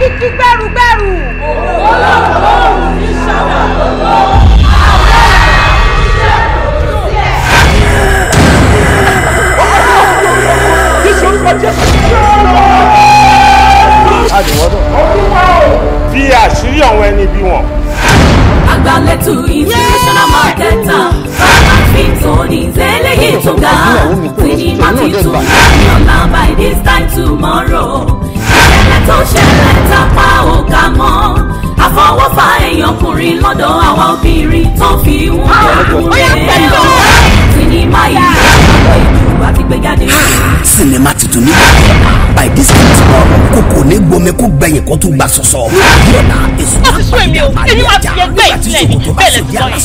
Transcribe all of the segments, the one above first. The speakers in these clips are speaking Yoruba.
kìkì gbẹrùgbẹrù. ògbólógbòrò ní sábà gbogbo. àwọn fi àṣírí àwọn ẹni bí wọn. àgbàlẹ̀tù international marketer bàbá fi tóní tẹ́lẹ̀yìn tó ga sinimá ti tún ní ọ̀la by this time tomorrow tó ṣẹlẹ̀ tápá ò kà mọ́ àfọwọ́fà èèyàn ọkùnrin lọ́dọ̀ àwa obìnrin tó fi wọ́n lókun ah, sinima tuntun ní by this time tomorrow kòkò ní gbomi kó gbẹ̀yìn kó tún gba sọ̀sọ̀ yọ̀nà èso náà bá yà máa yà já nígbàtí sokoto bá sọ yà á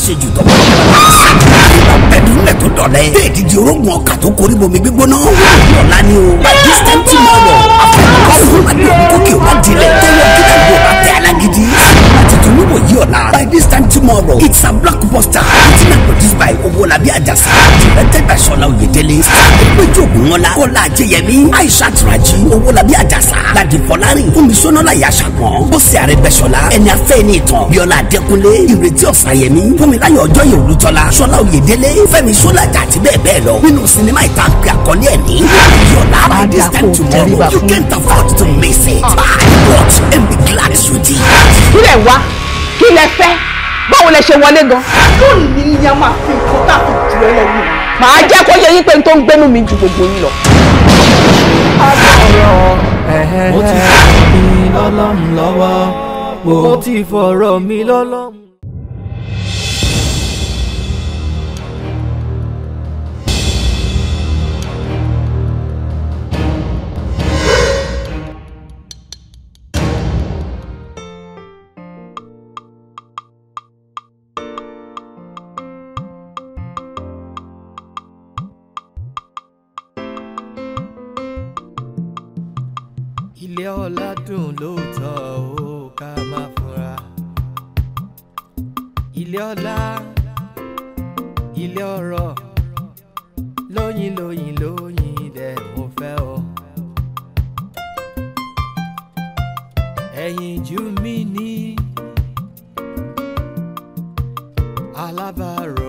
ṣèjú lẹ̀ tó dọ̀lẹ́ bẹ́ẹ̀ dídì orógùn ọkà tó korí bomi gbígbóná yọ̀nà ni o by this time tomorrow àfẹnukọ́ fún adé òkú kí o bá dilẹ̀ tẹ́lẹ̀ kí ká gbọ́ bá tẹ́ alágídí àti olúwòye ọ̀la by this time tomorrow it's a blockbuster written and produced by owolabi ajasa directed by sọlá oyedele ìpéjú ògùnmọ́lá kọ́lá ajẹyẹmí aisha turaji owolabi ajasa ladi fọlárin komisanna yasagbọn bọ́sẹ̀ arẹgbẹ́sọlá ẹni afẹ́ ní ìtàn bíọ́lá adẹ́kunlé ìrètí ọ̀sàyẹmí fúnmiláyọ̀ ọjọ́ yẹn olùtọ́lá sọlá oyedele fẹ́mi sọlájà àti bẹ́ẹ̀ bẹ́ẹ̀ lọ nínú sinimá ìta pé àkọlé ẹ̀ ní yọ̀lá by this time tomorrow you can't afford to miss it buy watch glad you did kí lẹ fẹ́ báwo lẹ ṣe wọlé gan. lónìí ni a máa fi nǹkan tá jù ẹ lẹ́nu. màá jẹ́ kó yẹ yín pé n tó ń gbénú mi ju gbogbo yín lọ. mo ti fọ̀rọ̀ mi lọ́lọ́run lọ́wọ́ mo ti fọ̀rọ̀ mi lọ́lọ́run. ilé ọlá dùn lóòótọ́ ó ká má fúnra ilé ọlá ilé ọrọ̀ lóyin lóyin lóyin dẹ̀ mo fẹ́ o. ẹ̀yìn jù mí ní alábàárò.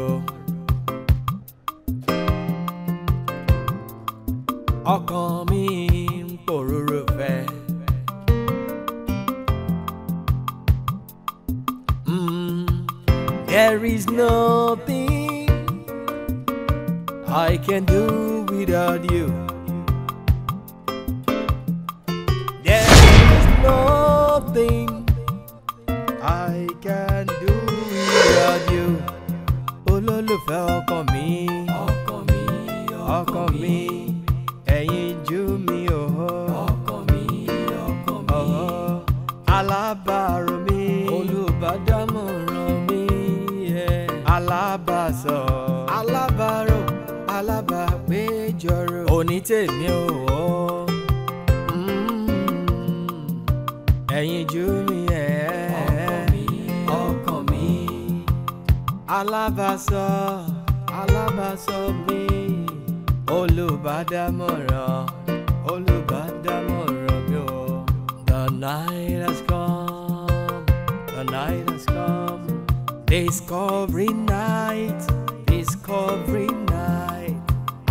can't do without you. tèmi o mm. ẹ̀yin jù mí ẹ̀ ọkàn mi alábàásọ alábàásọ mi olùbádámọ̀ràn olùbádámọ̀ràn mi o the night has come the night has come discovery night discovery night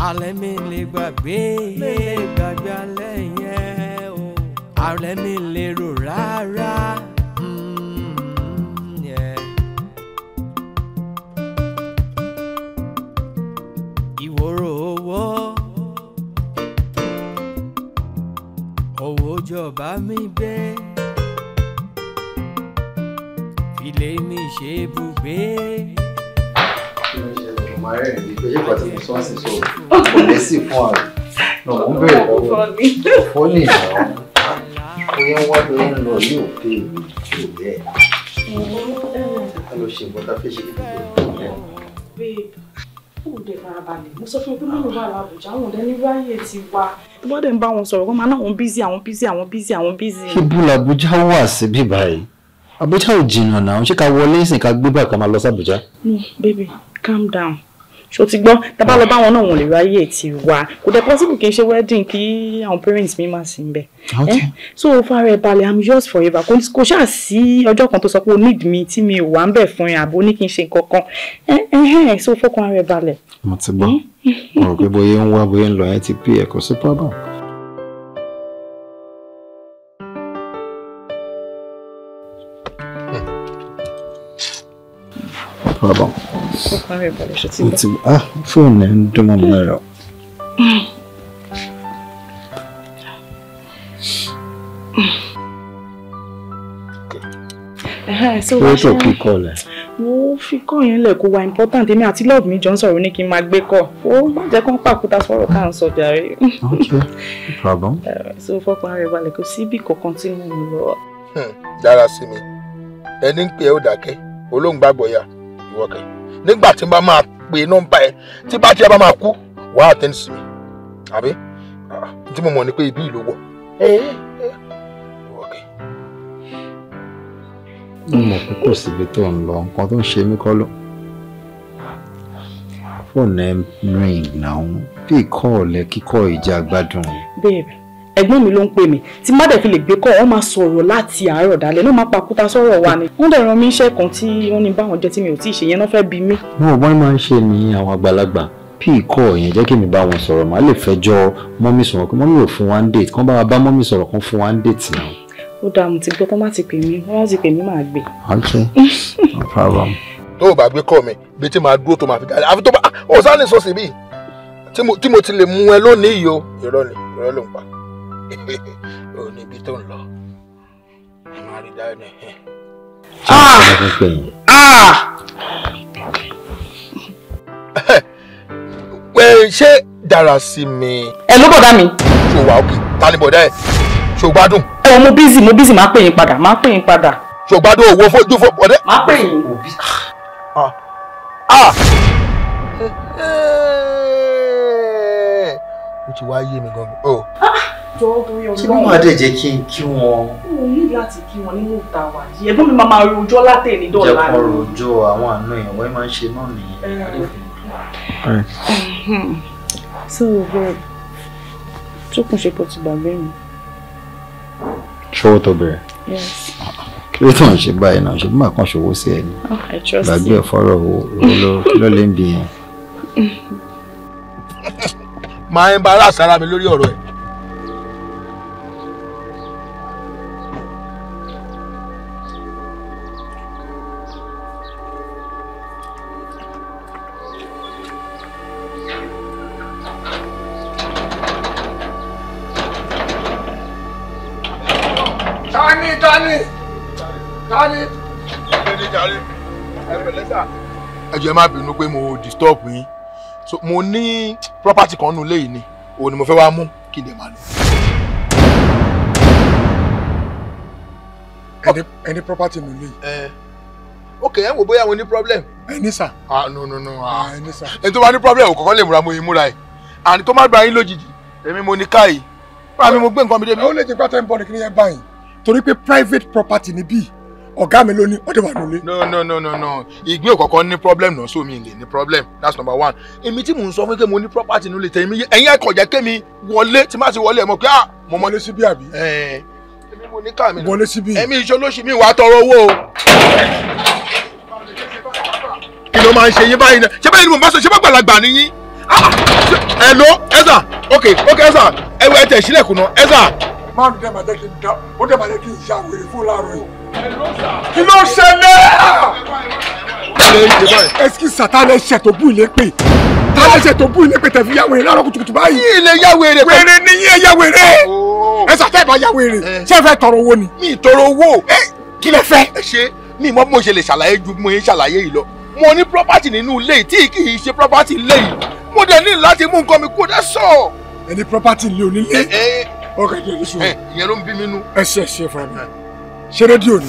alẹ́ mi lè gbàgbé mi lè gbàgbé alẹ́ yẹn o alẹ́ mi lè rò rárá. Why? No, hombre. Funny. Funny, no. Bóyá wá bí wọ́n lọ yóò pé ìwé tí é. bẹ́ẹ̀. Ká lọ ṣe nǹkan tá a fẹ́ ṣe é. gbogbo ìgbà. Babe, ó dẹ̀ farabalẹ̀. Mo sọ fún ọ pé mo lọ wà lọ Àbújá, àwọn ọ̀dẹ́ ní ráyè ti wá. Bọ́ dẹ̀ ń bá wọn sọ̀rọ̀, wọ́n máa náwọn bízí, àwọn bízí, àwọn bízí, àwọn bízí. Ibu làbújá wà sí bí báyìí. Àbújá ò Não náà, ṣé ká wọlé ìsìn ká gbé báyìí ká máa lọ sí Àbújá? No, baby, calm down ṣó ti gbọ́n tá a bá lọ bá wọn náà wọn lè ráyè ti wá kò dẹ̀ possible kì í ṣe wedding kí àwọn parents mi máa sì ń eh? so fara ẹ balẹ̀ i'm yours forever kò ṣáà sí ọjọ́ kan tó sọ pé o need me tí mi ò wá ń bẹ̀ fún ẹ àbò ní kí n ṣe nǹkan kan eh, eh, so fọkàn ara ẹ balẹ̀. mo ti gbọ́ mo pé bóyá ń wá bóyá ń lọ ẹ ti pè é kò sí problem. pardon. Fortfarande på det så till. Ah, fóònù ẹ̀ ń dún mọ́ mi lára. Ṣé tó kí kọ́ lẹ̀? Wo fi kọ́ yẹn lẹ̀ kó wa important èmi àti love me. Johnson, ń sọ̀rọ̀ ní kí n máa gbé kọ́. Ó má jẹ́ kó ń pàkúta sọ̀rọ̀ ká ń sọ jàre. Ok, no problem. Ṣé eh, o fọkàn rẹ̀ balẹ̀ kó síbì kankan Hmm, mo ń lọ? Hmm, dára sí mi, ẹni ń ìwọ kẹ nígbà tí n bá máa pe nọ́mbà ẹ tí bá tiẹ̀ bá máa kú wàá àtẹni sí mi àbí ah, tí mo mọ̀ ni pé ibi ìlú wọ̀ ìwọ kẹ. mo mọ̀ pé kò síbi tó ń lọ nǹkan tó ń ṣe mí kọ́ ló fóònù ẹ ń rìn náà bí ìkọ́ kíkọ́ ìjà gbádùn. bẹ́ẹ̀ bẹ́ẹ̀ ẹ̀gbọ́n mi ló ń pè mí tí má dẹ̀ fi lè gbé kọ́ wọ́n máa sọ̀rọ̀ láti àárọ̀ dalẹ́ náà máa pakúta sọ̀rọ̀ wa ni wọ́n dẹ̀ ràn mí kan tí wọ́n ní báwọn jẹ́ tí mi ò tí ì ṣe yẹn náà fẹ́ bí mi. mo ò wọ́n máa ń ṣe ní àwọn àgbàlagbà pí ìkọ́ yẹn jẹ́ kí mi bá wọn sọ̀rọ̀ màá lè fẹjọ́ mọ́mí sọ̀rọ̀ pé mọ́mí ò fún wa ń date kán bá wa bá mọ́mí sọ̀rọ̀ kán fún wa ń date náà. ó dáa mo ti gbọ́ tán má ti pè mí wọ́n ti pè mí máa no problem. tó o bá gbé kọ́ mi bí tí màá dúró tó màá fi jáde àfi tó bá ọ̀sán ní sọ́ọ̀sì bíi tí mo ti lè mú ẹ lónìí yìí o irọ́ ni irọ́ pa o níbi tó ń lọ ẹ máa rí dáhùn ní. Ah! Ah! pé ah! ṣé dára sí mi. ẹ ló bọ̀dá mi. ṣòwò àókè ta ni bọ̀dá ẹ̀ ṣò gbádùn. ẹ mo bízì mo bízì máa pè yín padà máa pè yín padà. ṣò gbádùn òwò fojú fo bọ̀dẹ́. máa pè yín. ó ti wá yé mi gan-an. Oh jọ̀wọ́ torí ọlọ́run. tí wọ́n máa dẹ̀ jẹ́ kí n kí wọn. mo ní láti kí wọn nínú ìta wà yìí ẹ̀gbọ́n mi máa máa rojọ́ látẹ̀ ní dọ́là. jẹ́ kó rojọ́ àwọn àna ìyàwó ẹ̀ máa ń ṣe náà nìyẹn. so babe tó kùn ṣe pọ̀ ti gbàgbé mi. ṣọwọ́ tó bẹ̀rẹ̀. kí ló tàn ṣe báyìí náà ṣe bí màá kàn ṣòwò sí ẹ ní. Ah, gbàgbé ẹ fọ́rọ̀ ló lé ń bì yẹn. máa ń bá aráàsára mi lórí ọ̀rọ̀ ẹ̀. má bínú pé mo disturb yín so mo ní property kan nù léyìí ni òun ni mo fẹ́ wá mú kí n dẹ̀ máa lò. ẹni ẹni property nù léyìí. ok ẹ wò bóyá mo ní problem. ẹni sà. ah no no no ah ẹni sà. ẹni tó bá ní problem ò kọ́kọ́ lè múra mo yín múra ẹ̀ àní tó má gba yín lójijì èmi mo ní káyìí fúnra mi mo gbé nǹkan mi débi. ó lè jẹ́ pátá ń bọ̀ ní kí ni yẹn báyìí torí pé private property ni bíi ọ̀gá mi ló ní ó dé wà lólé. no no no no no ìgbé òkọ̀kọ́ ní problem náà sómi ìlè ní problem that's number one èmi tí mò ń sọ fún pé mo ní property nílé tẹ̀mí ẹ̀yin ẹ̀kọ́ jẹ́ kémi wọlé tí má ti wọlé ẹ̀ mọ̀ pé ah mo mọ. wọlé síbí àbí. ẹ̀ẹ́n èmi mo ní káà mi náà wọlé síbí. ẹ̀mí iṣẹ́ olóṣì mi wàá tọrọ owó o. kí ló máa ń ṣe yín báyìí náà ṣé báyìí ni mo bá sọ ṣé bá gbàlagbà ni yín. Ah, hello ẹ̀sà ok ok ẹ̀sà ẹ̀wẹ̀ ẹ̀tẹ̀ sílẹ̀kùn náà ẹ̀sà. máa ń dẹ́ màá jẹ́ kí n dá ó dẹ́ màá jẹ́ kí n ṣàwèrè fún láàárọ̀ yìí kí ló ṣẹlẹ̀. excuse sir ta lẹ ṣe tó bú ilé pè ta lẹ ṣe tó bú ilé pè tẹ̀fi yàwó eré lọ́rọ̀ kùtùkùtù báyìí. yìí lè yàwó eré. wèrè ni yín ẹ yàwó eré. Oh. ẹ sọ fẹ́ẹ́ bá yàwó eré eh. ṣé ẹ fẹ́ tọrọ owó ni. mi tọrọ owó. ẹ eh, kí lẹ fẹ́. ẹ ṣe mi mọ bí mo ṣe lè ṣàlàyé ju mo yẹn ṣàlàyé yìí lọ mo ní property nínú ilé yìí tí kì í ṣe property ilé yìí mo dẹ̀ ní láti mú nǹkan mi kó dẹ́ sọ. ẹni property ilé onílé eh, ọkàn jẹ́ ìṣòro. ìyẹn ló ń bí mi nú. ẹ ṣe ẹ ṣe fún mi ṣé rédíò ni.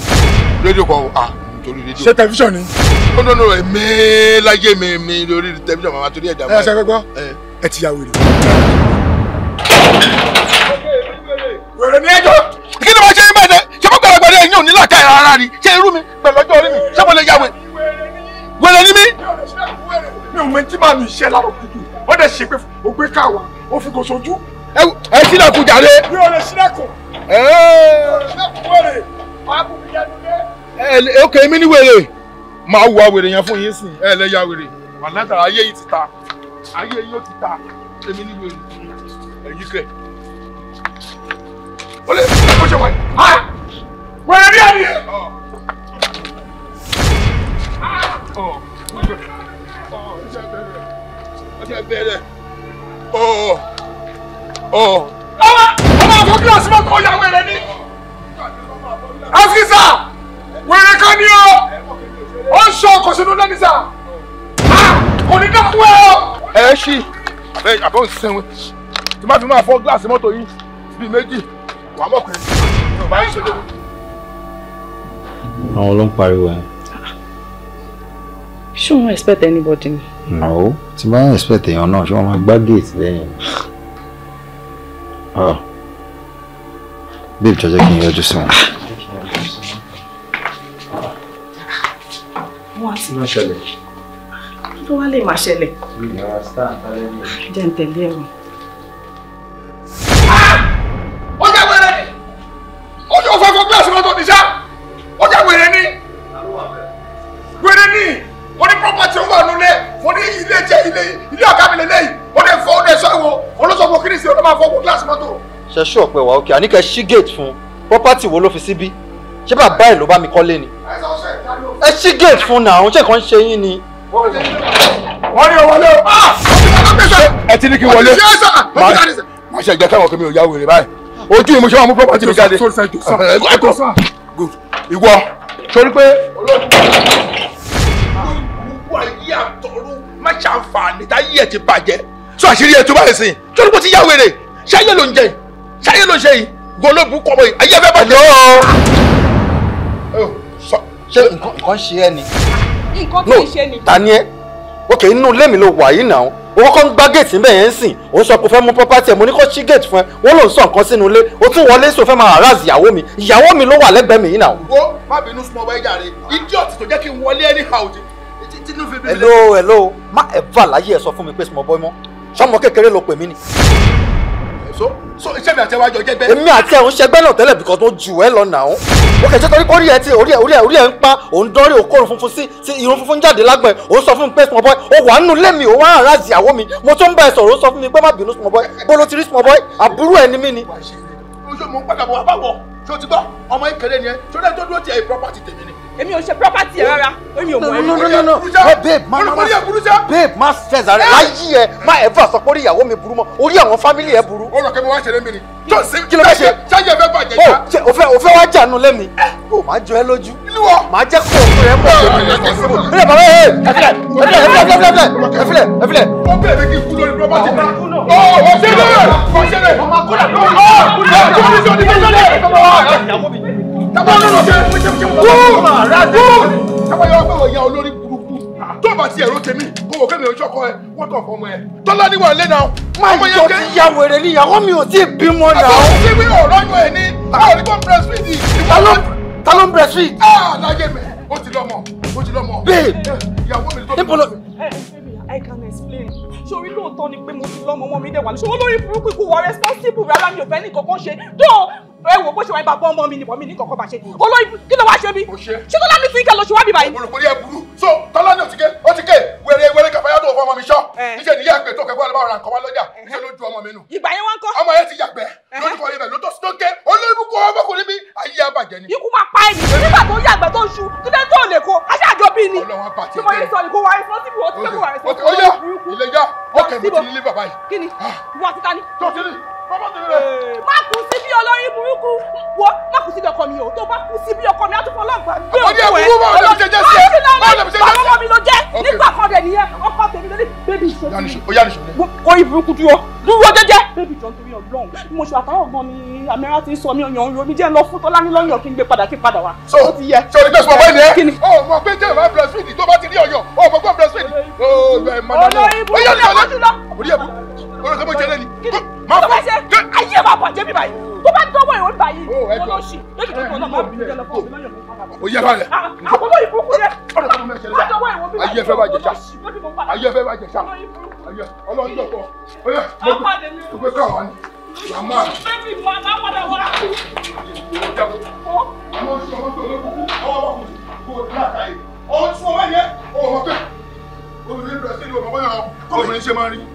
rédíò kan ah nítorí rédíò. ṣé tẹlifíṣàn ni. ó nọ nọ èmi láyé mi mi lórí tẹlifíṣàn màmá torí ẹja. ẹ ṣe fẹ́ gbọ́ ẹ ti ya wèrè. wèrè ni ẹjọ́ kí ni mo ṣe bẹ́ẹ̀ dẹ ṣé mo gbàgbọ́ dẹ yín ò ní làákà ẹ̀ rárá ni ṣé irú mi pẹ̀lú ọjọ́ orí mi ṣé mo lè ya wèrè. ni mí. mi ò mọ tí mi ṣe lárò kùtù ó dẹ̀ ṣe pé ó gbé káwa ó fi kò sojú. ẹ sílẹ̀kùn jàre. mi ò lè sílẹ̀kùn. mi ò lè sílẹ̀kùn ok èmi ní wèrè máa wà wèrè yẹn fún yín sìn ẹ lẹ ya wèrè wà látara ayé yìí ti ta ayé yìí ó ti ta èmi ní wèrè ẹ̀yìn kẹ. ó lè ó ṣe wáyé wèrè bí adìyẹ. ọ̀ ọ̀ bẹ̀rẹ̀ ọ̀ ọ̀ ọmọ ọmọ àgọ́ kílọ̀sì mọ́kànlá wẹ̀rẹ̀ ni ọ́fíìsà wèrè kan ni o ó ń ṣe ọkọ̀ sínú lẹ́nu sà kò ní dákú ẹ o. ẹ ṣí ẹ àbọ̀ ń sẹ́wọ̀n tí má fi máa fọ́ gíláàsì mọ́tò yìí bíi méjì wàá mọ̀ pé yóò máa ń ṣe lóru. àwọn ló ń pariwo ẹ. expect anybody ni. no tí bá ń expect èèyàn She won't wọn máa gbá gate lẹ́yìn. Ah. babe jọjọ kí n yọjú wá ti máa ṣẹlẹ̀. kí ló wá lè máa ṣẹlẹ̀. jẹ́ ń tẹ̀lé ẹ̀rù. Ah! ó jẹ́ wẹ̀rẹ̀ ni ó yóò fẹ́ fún gíláàsì mọ́tò nìṣá ó jẹ́ wẹ̀rẹ̀ ni wẹ̀rẹ̀ ni mo ní pọ́pátì ó wà nílé mo ní ilé jẹ́ ilé ilé ọ̀gá mi lélẹ́yìí ó lè fọ́ ó lè sọ ìwọ olóṣogbo kìrìsì ó lè máa fọ́ fún gíláàsì mọ́tò. ṣe ṣú ọ̀pẹ wa òkè àníkẹ́ ṣí gate fún pọ́pátì wo ló fi síbí ṣé bàbá ẹ̀ ló bá mi kọ́lé ni. ẹ sọ ẹ ṣí gate fún náà àwọn ṣèkàn ṣe yín ni. wọ́n ní wọlé o. Ah! ẹ ti ní kí n wọlé. màá ṣe ìjẹ́ káwọn kí mi ò yá wèrè báyìí ojú ìmúṣẹ́ wọn mú property mi jáde. ìwọ sori pé. olùkú ayé àtọ̀rọ̀ má ṣàǹfààní táyé ẹ̀ ti bàjẹ́. sọ àṣírí ẹ̀ tó báyìí sí i sori pé ó ti yá wèrè ṣáyé ló ń jẹ ṣáyé ló ń ṣe yìí gbọ́n ló bu kọ́ bọ̀ yìí ayé ẹ̀ fẹ́ bàjẹ́ ṣé nǹkan ṣe ẹ ni. nǹkan tó ń ṣe ni. ta ni ẹ ok inú ilé mi ló wà yìí náà owó kan ń géètì bẹ́ẹ̀ yẹn ń sìn ó sọ pé fẹ́ mú property ẹ̀ mo ní kó ṣí géètì fún ẹ wọ́n ló ń sọ nǹkan sínú ilé ó tún wọlé sọ fẹ́ máa harass ìyàwó mi ìyàwó mi ló wà lẹ́gbẹ̀ẹ́ mi yìí náà. wo má bínú súnmọ́ wá ẹja rẹ idiot tó jẹ́ kí n wọlé anyhow tí tí ló fi bí. hello hello má ẹ̀ bá láyé ẹ̀ sọ fún mi pé small boy mọ́ sọmọ kékeré ló pè mí ni so so iṣẹ́ mi àti ẹwà jọ jẹ́ bẹ́ẹ̀. èmi àti ẹ̀ ń ṣẹgbẹ́ náà tẹ́lẹ̀ bìkan tó jù ẹ́ lọ nàá ó kẹ̀jẹ́ torí kórìí ẹ ti orí ẹ orí ẹ orí ẹ ń pa òun dọ́rí òkòrùn funfun sí sí irun funfun jáde lágbọ̀n ẹ̀ ó sọ fún mi pé small boy ó wà nínú ilé mi ó wá àrà ìyàwó mi mo tó ń bá ẹ sọ̀rọ̀ ó sọ fún mi pé má bínú small boy bó ló ti rí small boy àbúrò ẹ ni mí ni. ojú mo ń padà bọ̀ wá báwọ̀ ṣó ti gbọ́ ọmọ ìkẹlẹ́ ni ẹ ṣó dẹ́ tó dúró tiẹ̀ property tèmi ni èmi ò ṣe property ẹ rárá èmi ò mọ ẹ. no no no no babe ma ma babe ma stress ara láyé ẹ má ever sọ pé orí ìyàwó mi burú mọ́ orí àwọn family ẹ burú. ó rọ kẹ́mi wá ṣeré mi ni. kí ló fẹ́ ṣe ṣáàjì fẹ́ bàjẹ́ já. o fẹ́ o fẹ́ wá jànú lẹ́mi. o máa jọ ẹ lójú. máa jẹ́ kó o rẹ̀ pọ̀ sí i. ilé bàbá yẹ ẹfilẹ ẹfilẹ ẹfilẹ ẹfilẹ ẹfilẹ. ó bẹ̀rẹ̀ kí n kú lórí property náà. ó ò ṣe bẹ́ẹ̀ ò ṣe bẹ́ẹ̀. ọmọ akúrà ló ń bọ̀. ó ò ṣe bẹ́ẹ̀ tábà lọ́nà ṣe kú kú tábà yọ ọgbẹ́ ọ̀yà olórí burúkú tó bá ti ẹ̀rọ tèmi kó wò kémi oṣọkọ ẹ wọ́tọ̀ fọmọ ẹ tọ́lá níwọ̀n ilé náà. máa jọ ti ya wèrè níyàwó mi ò tí ì bímọ náà. àbọ̀ òsì wí ọ̀rọ̀ yọ ẹ ní báwo ni kò ń breastfeed. ta ló ń breastfeed. ah láyé mi ó ti lọ́mọ ó ti lọ́mọ. babe ìyàwó mi tó ti lọ́mọ. I can explain. Ṣorí lóòótọ́ ni pé mo ti lọ́mọ ọmọ mi dẹ̀ wà ní. Ṣòwò lórí burúkú ikú wà responsible rárá mi ò fẹ́ ní kankan ṣe. Dọ́ọ̀ ẹ wo bó ṣe wá ibà bọ́ ọmọ mi nìbọn mi ní kọ̀ọ̀kan bá ṣe olóyìn kí ló wá ṣe mi ṣé tó lánàá tìǹkà lọ ṣe wá bí báyìí. olùkọ́ yẹ burú so tọ́lá ní òtíkẹ́ ó ti ké wẹ̀rẹ̀ wẹ̀rẹ̀ kẹfà yàtọ̀ fún ọmọ mi ṣọ́ níṣẹ́ níyà pé tó kẹ́kọ̀ọ́ lọ́wọ́ ra nǹkan wá lọ́jà níṣẹ́ ló ju ọmọ mi nù. ìgbà yẹn wọn kọ́. ọmọ yẹn ti yàgbẹ́ lórúkọ yẹn bẹ̀ ló tó o ti fẹ́ kò wá responsible. ó yá ilé yá ó kẹ̀ mo ti ní ilé bàbá yìí. kí ni ah. ìwọ àti ta ni. tó má kú sí bí olórí burúkú wọ má kú sí bí ọkọ mi o tó bá kú sí bí ọkọ mi àtúfọ ọlọ́gbà gbé òkú ẹ ọlọ́run jẹjẹ sí ẹ ọlọ́run jẹjẹ sí ẹ ọlọ́run mi ló jẹ nígbà kan rẹ nìyẹn ọkọ tèmi lórí bébí ìṣòro orí burúkú dúró dúró jẹjẹ bébí ìjọ nítorí ọlọ́run mo ṣe àtàwọn ọgbọ́n ni amẹ́rà ti ń sọ mí ọyàn ń ro mi jẹ́ lọ fún tọ́lá nílọ́yàn kí n gbé padà kí n padà wá. so so ní gbèsè ọmọ ìlẹ̀ ọ mọ pé jẹ́ ìwà breastfeed tó bá ti rí ọyàn ọ mọ pé breastfeed. olórí burúkú lè wájú lọ ọ̀rọ̀ kan mo jẹ́ lẹ́ni. máa fọ ayé máa bàjẹ́ mi báyìí tó bá dọ́wọ́ ìwé báyìí mo lọ sí lójú tó kàn náà máa ah, bí jẹ́ lọ fún mi lọ́yọ̀ o yẹ fẹ àkókò ìbùkù rẹ àtọwọ ìwọ bí ayé fẹ bá jẹ sáà ayé fẹ bá jẹ sáà ayé Ọlọ́run jọpọ ọyọ mo gbé káwọn ni màmá. bẹ́ẹ̀ni màmá padà wá. mo sọ wọn tó lókùnkù ọwọ́ wọn kò láta yìí ọ̀hún tí wọ́n wá yẹ ọ̀hún pẹ́ obìnrin bẹ̀rẹ̀ sí ìlú ọ̀gbọ̀n obìnrin ṣe máa rí.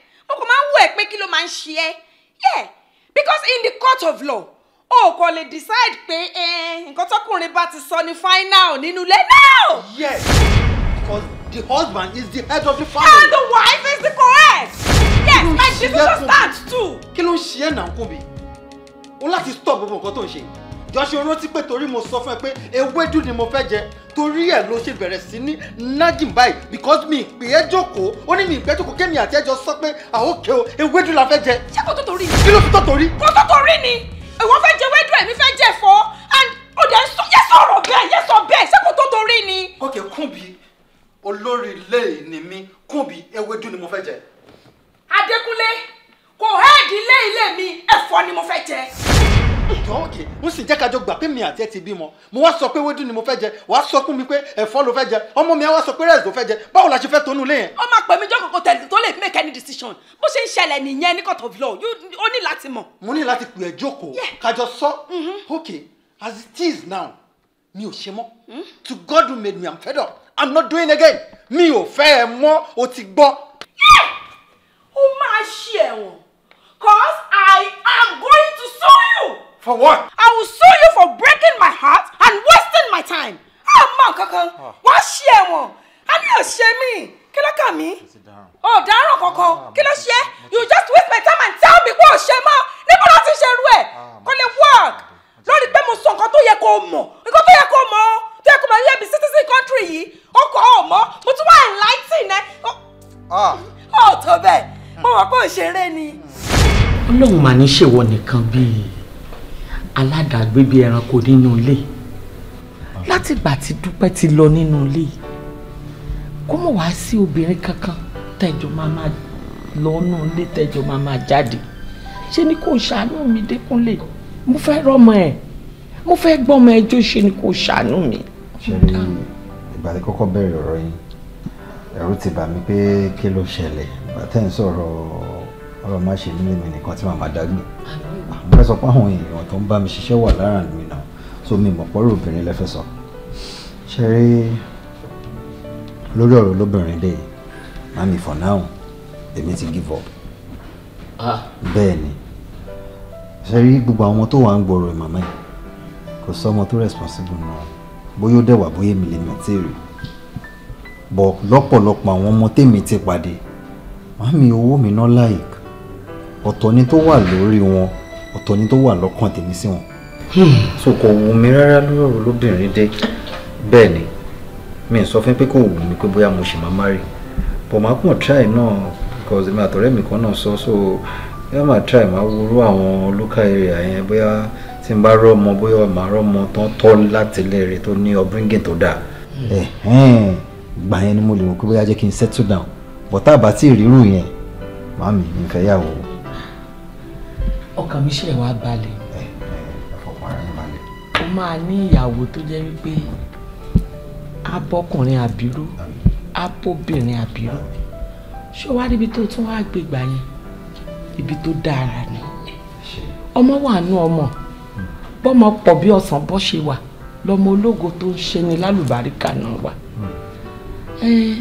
o kò máa ń wò ẹ́ pé kí ló máa ń ṣe ẹ́ yeah because in the court of law o kò lè decide pé eh, nǹkan tọkùnrin bá ti sọ ní final nínú ilé now. yes because the husband is the head of the family. and the wife is the correct. yes my decision stands too. kí ló ń ṣe é nàá kóbi o láti stop gbogbo nǹkan tó ń ṣe jọ ṣe rántí pé torí mo sọ fún ẹ pé ewédú ni mo fẹ́ jẹ torí ẹ̀ ló ṣe bẹ̀rẹ̀ sí ní nágìn báyìí because mi ìpè ẹ́ jókòó ó ní mi ìpè jókòó kémi àti ẹjọ́ sọ pé àókè o ewédú la fẹ́ jẹ. ṣé kò tó torí ni. kí ló fi tó torí. kò tó torí ni ìwọ fẹ́ jẹ ewédú èmi fẹ́ jẹ ẹ̀fọ́ and ó dẹ̀ sọ yẹ sọ̀rọ̀ bẹ́ẹ̀ yẹ sọ bẹ́ẹ̀ ṣé kò tó torí ni. ok kúnbi olórí ilé ni mi kúnbi ewédú ni mo fẹ́ jẹ. Adékúnlé kò hẹ́ẹ̀dì ilé ilé mi ẹ̀fọ́ ni mo fẹ́ jẹ. tọ́ọ̀kì ń sì jẹ́ kájọ gbà pé mi àti ẹ ti bímọ mo wá sọ pé wédú ni mo fẹ́ jẹ wà á sọ fún mi pé ẹ̀fọ́ ló fẹ́ jẹ ọmọ mi á wá sọ pé rẹ́ẹ̀sì ló fẹ́ jẹ báwo la ṣe fẹ́ tónú lé yẹn. ó máa pè mí jọ́kọ̀ kó tẹ̀lé tó lè make any decision bó ṣe ń ṣẹlẹ̀ nìyẹn ní court of law ó ní láti mọ̀. mo ní láti pè ẹ́ jókòó kájọ sọ mm-hmm. ok as it is now mi ò ṣe mọ́ mm-hmm. to God who made me I'm fed up I'm not doing again mi ò fẹ́ ẹ mọ́ o ti gbọ́. ó máa ṣe ẹ̀wọ̀n Cause I am going to sue you. For what? I will sue you for breaking my heart and wasting my time. Àmọ́ ah, kankan, ah. wá ṣí ẹ̀wọ̀n, a you ọ̀ṣẹ́ me? Kill a kà Oh, Ọ̀daràn kankan, Kill ah, a ṣe? You just waste my time and tell me what ọ̀ṣẹ́ mọ́, never ló ti ṣe where. ẹ̀? Kò work. Lórí pé mo sọ nǹkan tó yẹ kó mọ̀, nǹkan tó yẹ kó mọ̀ ọ́, tó citizen country yìí, oh, ọ̀mọ́, but why enlighten? enlightening ẹ. Oh, tó Mama, mo mọ̀ pé òṣèré ọlọ́run mà ní ṣèwọ nìkan bíi aládàgbé bíi ẹranko nínú ilé látìgbà tí dúpẹ́ ti lọ nínú ilé kó mọ̀ wá sí obìnrin kankan tẹ̀jọ́ máa máa lọ́nù ilé tẹ̀jọ́ máa máa jáde ṣe ni kò ṣàánú mi dẹ́kunlé mo fẹ́ rọ́mọ ẹ̀ mo fẹ́ gbọ́mọ ẹjọ́ ṣe ni kò ṣàánú mi. ṣe ni ìgbà tí kọ́kọ́ bẹ̀rẹ̀ ọ̀rọ̀ yìí ẹ̀rù ti bà mí pé kí ló ṣẹlẹ̀ bàtẹ́ ń sọ̀rọ̀ ọ̀rọ̀ má ṣe nílé mi nìkan tí màmá dá gbé mo sọ pé àwọn èèyàn tó ń bá mi ṣiṣẹ́ wà lára mi náà tó mi mọ̀ pọ́rọ̀ obìnrin lẹ́fẹ̀ sọ ṣe rí lórí ọ̀rọ̀ lóbìnrin dé mami for now èmi ti give up ah. bẹ́ẹ̀ ni ṣe rí gbogbo àwọn tó wà ń gbòòrò màmá yìí kò sọ́mọ tó responsible náà bóyá ó dẹ̀wà bóyá èmi lè mẹ́tẹ́rì bọ̀ lọ́pọ̀lọpọ̀ àwọn ọmọ tèmi ti pàdé mami owó mi náà like ọ̀tọ̀ ni tó wà lórí wọn ọ̀tọ̀ ni tó wà lọ́kàn tèmi sí wọn. Hmm. so kò wù mí rárá lórí ọ̀rọ̀ lóbìnrin dé bẹ́ẹ̀ ni mi ò sọ fún pé kò wù mí pé bóyá mo ṣì máa má rí bọ̀ máa pọ̀ try náà because èmi àtọ̀rẹ́ mi kan náà sọ so yóò máa try máa wúrú àwọn local area yẹn bóyá tí n bá rọ́mọ bóyá màá rọ́mọ tán tọ́ látìlẹ́rẹ̀ tó ní upbringing tó dáa. Hmm. gbà yẹn ni mo lè rò pé bóyá jẹ́ kí n settle down bọ̀tá àbá tí ìrírù yẹn màmí mi fẹ́ yàwó ọkàn mi ṣe wá balẹ̀ ó máa ní ìyàwó tó jẹ́ wípé abọ́kùnrin àbírú abóbìnrin àbírú ṣó wá níbi tó tún wá gbégbà yẹn ibi tó dára ni ọmọ wà nú ọmọ bọ́mọ pọ̀ bí ọ̀sán bọ́ ṣe wà lọmọ ológo tó ń ṣe ni lálùbáríkà náà wà hmm.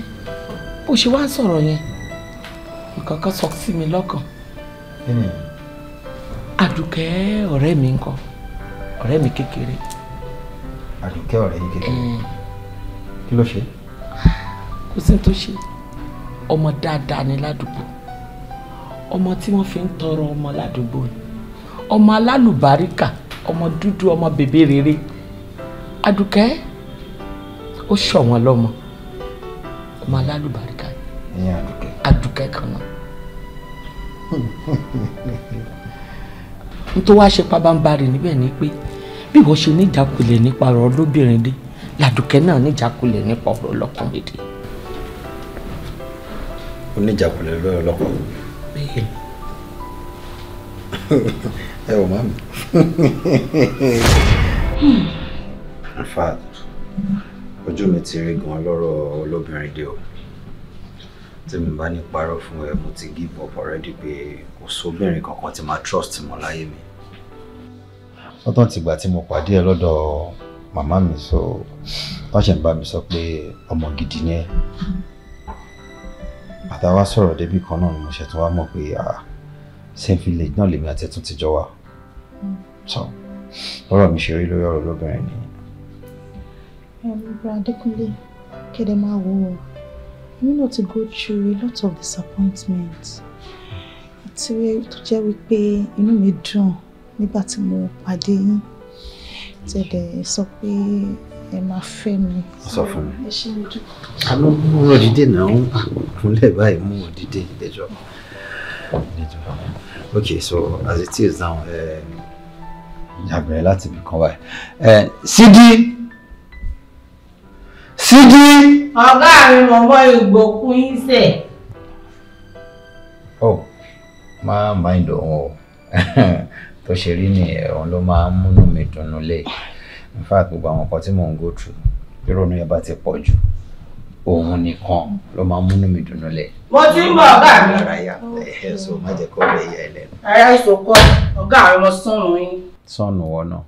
bó ṣe wá ń sọ̀rọ̀ yẹn nǹkan kan sọ sí mi lọ́kàn àdùkẹ́ ọ̀rẹ́ mi ńkọ́ ọ̀rẹ́ mi kékeré. àdùkẹ́ ọ̀rẹ́ yín kékeré mm. kí ló ṣe. kò sí tó ṣe ọmọ dáadáa ni ládùúgbò ọmọ tí wọ́n fi ń tọrọ ọmọ ládùúgbò ni ọmọ alálùbáríkà ọmọ dúdú ọmọ bèbè rere àdùkẹ́ ó ṣọ̀wọ́n lọ́mọ ọmọ alálùbáríkà ni àdùkẹ́ kan náà. nítorí wàá ṣe pabambarì níbẹ̀ ni pé bí wọ́n ṣe níjàkulẹ̀ nípa ọ̀rọ̀ lóbìnrin dé làdùkẹ́ náà níjàkulẹ̀ nípa ọ̀rọ̀ lọ́kùnrin dé. ó níjàkulẹ̀ lọ́rọ̀ lọ́kùnrin. bẹ́ẹ̀ ẹ ò máa mi. Hmm. in fact ojú mi ti rí gan lọ́rọ̀ olóbìnrin dé o tí mi bá ní parọ́ fún ẹ mo ti give up already pé. Be kò sóbìnrin kankan tí máa trust mọ́ láyé mi. lọ́tọ̀ tìgbà tí mo pàdé ẹ lọ́dọ̀ màmá mi sọ báṣẹ̀ ń bá mi sọ pé ọmọ gidi ni ẹ àtàwa sọ̀rọ̀ débi kan náà ni mo ṣe tún wá mọ̀ pé ah, same village náà lèmi àti ẹ̀tún ti jọ wà so lọ́rọ̀ mi ṣe rí lórí ọ̀rọ̀ lóbìnrin ni. ẹ̀rọ adékúnlé kéde máa wò ó èmi náà ti go through a lot of disappointment tí tó jẹ́ wípé inú mi dùn nígbà tí mo pàdé yín tẹ̀lé sọ pé ẹ máa fẹ́ mi. sọ fún mi àná mo rọ dídé náà ń kúnlẹ̀ báyìí mo rọ dídé ẹjọ́ okay so as it is now yàgbẹ̀rẹ̀ láti ibì kan báyìí sídí sídí. ọ̀gá mi mọ̀ mọ́ ìgbòkun yín sẹ̀. oh má mind òun o tó ṣe rí ni òun ló máa ń múnú mi dùnnú lé in fact gbogbo àwọn nǹkan tí mò ń go through bí ronú ti pọ̀ jù òun nìkan ló máa ń múnú mi dùnnú lé. mo ti ń bọ ọgá mi. ara ya ẹ so má jẹ kó bẹ yẹ ẹlẹnu. ara ìṣòkò ọgá rẹ lọ sọnù yín. sọnù wọn náà.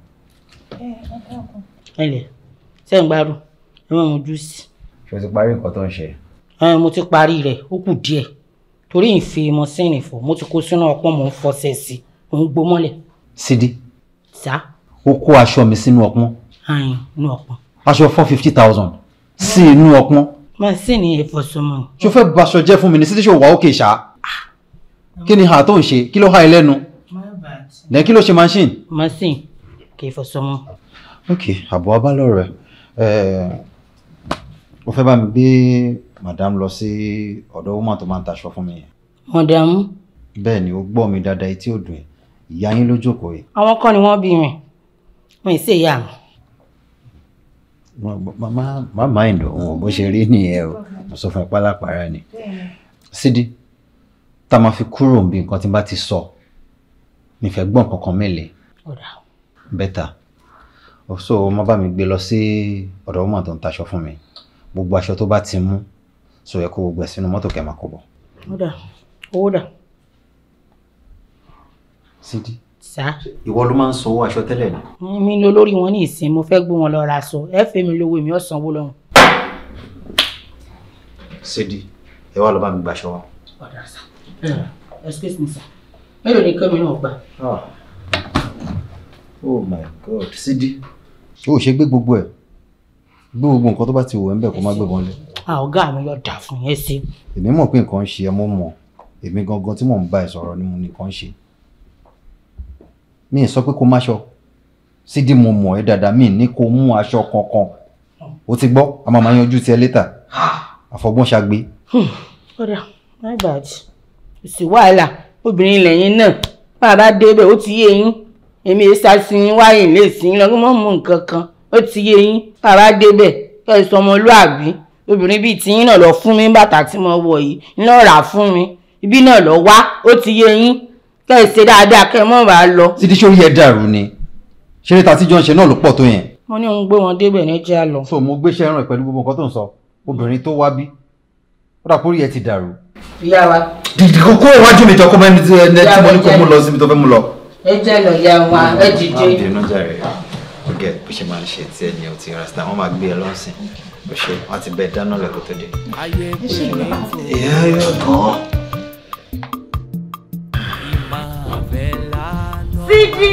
ẹ lè ṣe ń gbádùn ẹ mọ̀ mọ́ júùsì. ṣé o ti parí nǹkan tó ń ṣe. mo ti parí rẹ̀ ó kù díẹ̀ torí ìfi mọ́sìnì fọ mo ti kó sínú ọpọ́n mò ń fọṣẹ sí mò ń gbó mọ́lẹ̀. Sidi. sa. o kó aṣọ mi sínú ọpọ́n. ayin inú ọpọ́n. aṣọ four fifty thousand sí inú ọpọ́n. mọ́sìnì ìfọ̀sọmọ. ṣo fẹ́ baṣọ jẹ́ fún mi ní Sidi ṣe wà ókè ṣá. Ah. kí ni àtọ̀ ń ṣe kí ló ha ẹ lẹ́nu. lẹ́yìn kí ló ṣe machine. machine kì í fọ̀sọmọ. ok àbọ̀ abálọ̀ rẹ̀ ẹ̀ o fẹ́ bá mi gbé madam lọ sí ọ̀dọ̀ woman tó máa ń taṣọ fún mi yẹn. madam. bẹ́ẹ̀ ni ó gbọ́ mi dáadáa etí ò dùn ẹ̀ ìyá yín ló jókòó yìí. àwọn kan ni wọ́n bí mi wọn ì sí ìyá mi. màmá màmá ìdò òun bó ṣe rí nìyẹn o mo sọ fún ẹ pálápàá ni sídi tá a máa fi kúrò bí nǹkan tí n bá ti sọ nífẹ̀ẹ́ gbọ́n kankan mélèé bẹ́tà so má bá mi gbé lọ sí ọ̀dọ̀ woman tó ń taṣọ fún mi gbogbo aṣọ tó bá ti mú so ẹ kó gbẹ sínú mọ́tò kẹ́ máa kó bọ̀. ó dà owó dà. Sidi. sá. ìwọ ló máa ń sanwó aṣọ tẹ́lẹ̀ ni. mi ni olórí wọn ní ìsìn mo fẹ́ gbé wọn lọ ra aṣọ ẹ fẹ́ mi lówó èmi ò sanwó lọ́hùn. Sidi ẹ wá lọ bá mi gbàṣọ wa. ọ̀dà sá excuse me sir mélòó ni kẹ́mi náà gbà. Ah. oh my god Sidi. o ò ṣe gbé gbogbo ẹ̀ gbogbo nǹkan tó bá ti wò ẹ́ ń bẹ̀ kó má gbébọn lé. a ah, ọ̀gá mi yóò dà fún yẹn sí. èmi mọ̀ pé nǹkan ń ṣe ẹ mọ́ mọ̀ èmi gangan tí mò ń bá ẹ sọ̀rọ̀ ni mo nìkan ṣe. mi ì sọ pé kó má ṣọ sídìí mo mọ̀ ẹ́ dáadáa mi ní kó mú aṣọ kankan o ti gbọ́ a máa máa yanjú tiẹ̀ létà àfọgbọ́n ṣagbe. ọ̀dà hmm, má gbàdí kò sí wàhálà obìnrin lẹ́yìn náà bá a bá débẹ̀ ó ti yé yín èmi èsà sí yín wáyé lè sí lọ́gbọ́n mọ̀ nǹkan kan ó ti yé yín tàbá débẹ̀ kẹ́ ẹ sọmọlúàbí obìnrin bíi tiyín náà lọ fún mi bàtà tí mo wọ̀ yìí iná rà fún mi ibi náà lọ wá ó ti yé yín kẹ́ ẹ ṣe dáadáa kẹ́ ẹ mọ̀ bá lọ. títí ṣé ó yẹ dàrú ni ṣeré ta tíjọ́ ń ṣe náà ló pọ̀ tó yẹn. mo ní òun gbé wọn débẹ̀ ní jẹ́ àlọ́. so mo gbéṣẹ́ ràn pẹ̀lú gbogbo nǹkan tó ń sọ obìnrin tó wá bí ó dà kórìí ẹ ti dàrú. ìyá wa. dìdì kókó iwájú mi jọ kó mẹ́ni tí mo ní kó mú lọ síbi tó fẹ́ mú lọ. ẹ jẹ́ lọ ìyá wa ẹ dìde forget bó ṣe máa ń ṣe tí ẹni ò ti rà sí àwọn máa gbé ẹ lọ́sìn bó ṣe wọ́n ti bẹ dáná lẹ́kọ̀ọ́ tó dé. ìyá yóò kàn. Sidi.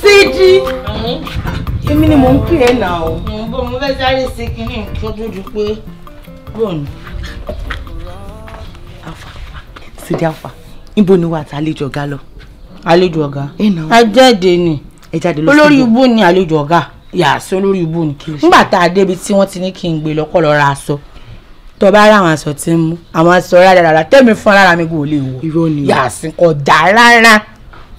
Sidi. Èmi ni mò ń pè é nà o. Mo mo fẹ́ sáré sí kinní tó ju pé bọ́ọ̀nù. Afa Sidi Afa, níbo ni wàá ta àlejò ọ̀gá lọ? àlejò ọ̀gá a jáde ni olórí ibú ni àlejò ọ̀gá yàtọ̀ olórí ibú ni nígbà tá a débi tí wọ́n ti ní kí n gbé lọ́kọ́ lọ́ọ́ ra aṣọ tó bá ra àwọn aṣọ tí ń mú àwọn aṣọ rárá rárá tẹ́mi fún ara mi kò lè wò yàtọ̀ kò dá rárá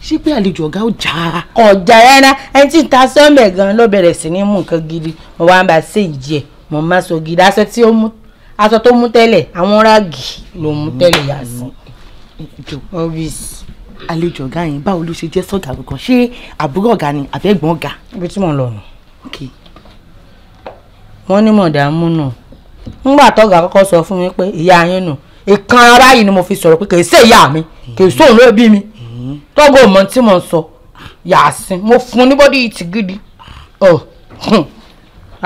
ṣé pé àlejò ọ̀gá ò já ara. ọ̀jà rárá ẹni tí ń ta sọ́ọ̀mẹ̀ gan-an ló bẹ̀rẹ̀ sí ní mú nǹkan gidi mo wá ń bá ṣe ìjẹ mo máa sọ gidi aṣọ tí ó mú aṣọ tó mú tẹ́lẹ̀ àwọn ráàgì ló mú tẹ́lẹ̀ yà sí àlejò ọ̀gá yẹn báwo ló ṣe jẹ́ sọ́gà kankan ṣé àbúrò ọ̀gá ni àbẹ́gbọ́n ọ̀gá. ibi tí mo ń lọ nù. wọ́n ní mọ̀dàmú nù ńgbà tọ́gà kọ́kọ́ sọ fún mi pé ìyá yín nù ìkan ara yìí ni mo fi sọ̀rọ̀ pé kì í ṣe ìyá mi kì í sóun ló bí mi mhm. tọ́gà ò mọ tí mò ń sọ yàásín mo fún un ní bọ́dí ìtì gidi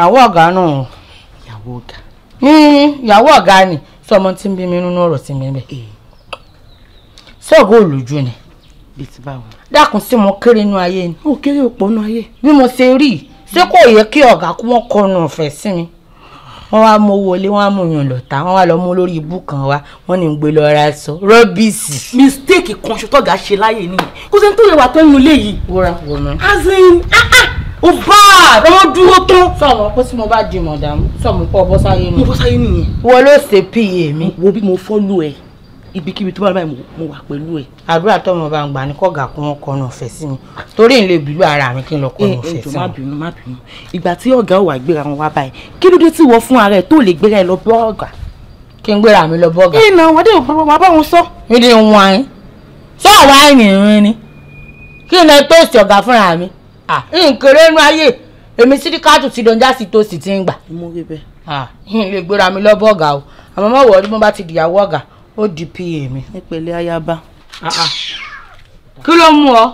àwọ̀ ọ̀gá náà. ìyàwó ọ̀gá. Hmm, ìyàwó ọ̀gá ni sọmọ tí ń bí mi nínú ọ̀rọ̀ tí mi bẹ̀ sọ́ọ̀gá eh. òlójú ni bí ti báwo. dákun sí mo kéré inú ayé ni. ó kéré òpó inú ayé. bí mo ṣe rí i ṣé kò yẹ kí ọ̀gá kú wọn kọnu ọ̀fẹ́ sí mi wọ́n wá mú owó ilé wọ́n á mú yàn lọ́ta wọ́n wá lọ mú lórí ibú kan wá wọ́n ní gbé lọ ra sọ rọ́bìsì. mistake kan ṣe tọ́gà ṣe láyè nìyẹn kó sẹ́ni tó lè wà tó ń lulẹ̀ yìí. wúra wò mọ. azin ó bá a lọ́wọ́ dúró tán. sọ̀rọ̀ kó tí mo bá di mọ̀dàmú sọ̀rọ̀ kó o bọ́ sáyé nìyẹn. mo bọ́ sáyé nìyẹn. wọ́n mi. wo mo fọ́lù ẹ̀ ibikíbi tó bá báyìí mo wà pẹ̀lú ẹ̀. àdúrà tọmọ bá ń gbà ní kọ̀gà kún wọn kọnu ọ̀fẹ́ sí mi torí ń lè bìlú ara mi kí n lọ kọnu eh, ọ̀fẹ́ eh, sí mi. ẹ ẹ má bínú má bínú ìgbà tí ọ̀gá ò wá gbéra wọn wá báyìí kí ló dé tí wọ́n fún ara ẹ̀ tó lè gbéra ẹ lọ bọ́ ọ̀gá. kí n gbéra mi lọ bọ́ ọ̀gá. ìnà wọn dé òpópó wọn bá wọn sọ. mi dé ń wọn yín sọ wá ìrìn ni kí n lọ tóòsì ọ̀gá fúnra mi nkèrè mi lọ bọ́ ọ̀gá o àmọ́ mọ̀ wọ́ọ́rí ó di pa mi. ẹ pẹ̀lẹ́ ayaba. Ah, ah. kí ló mú ọ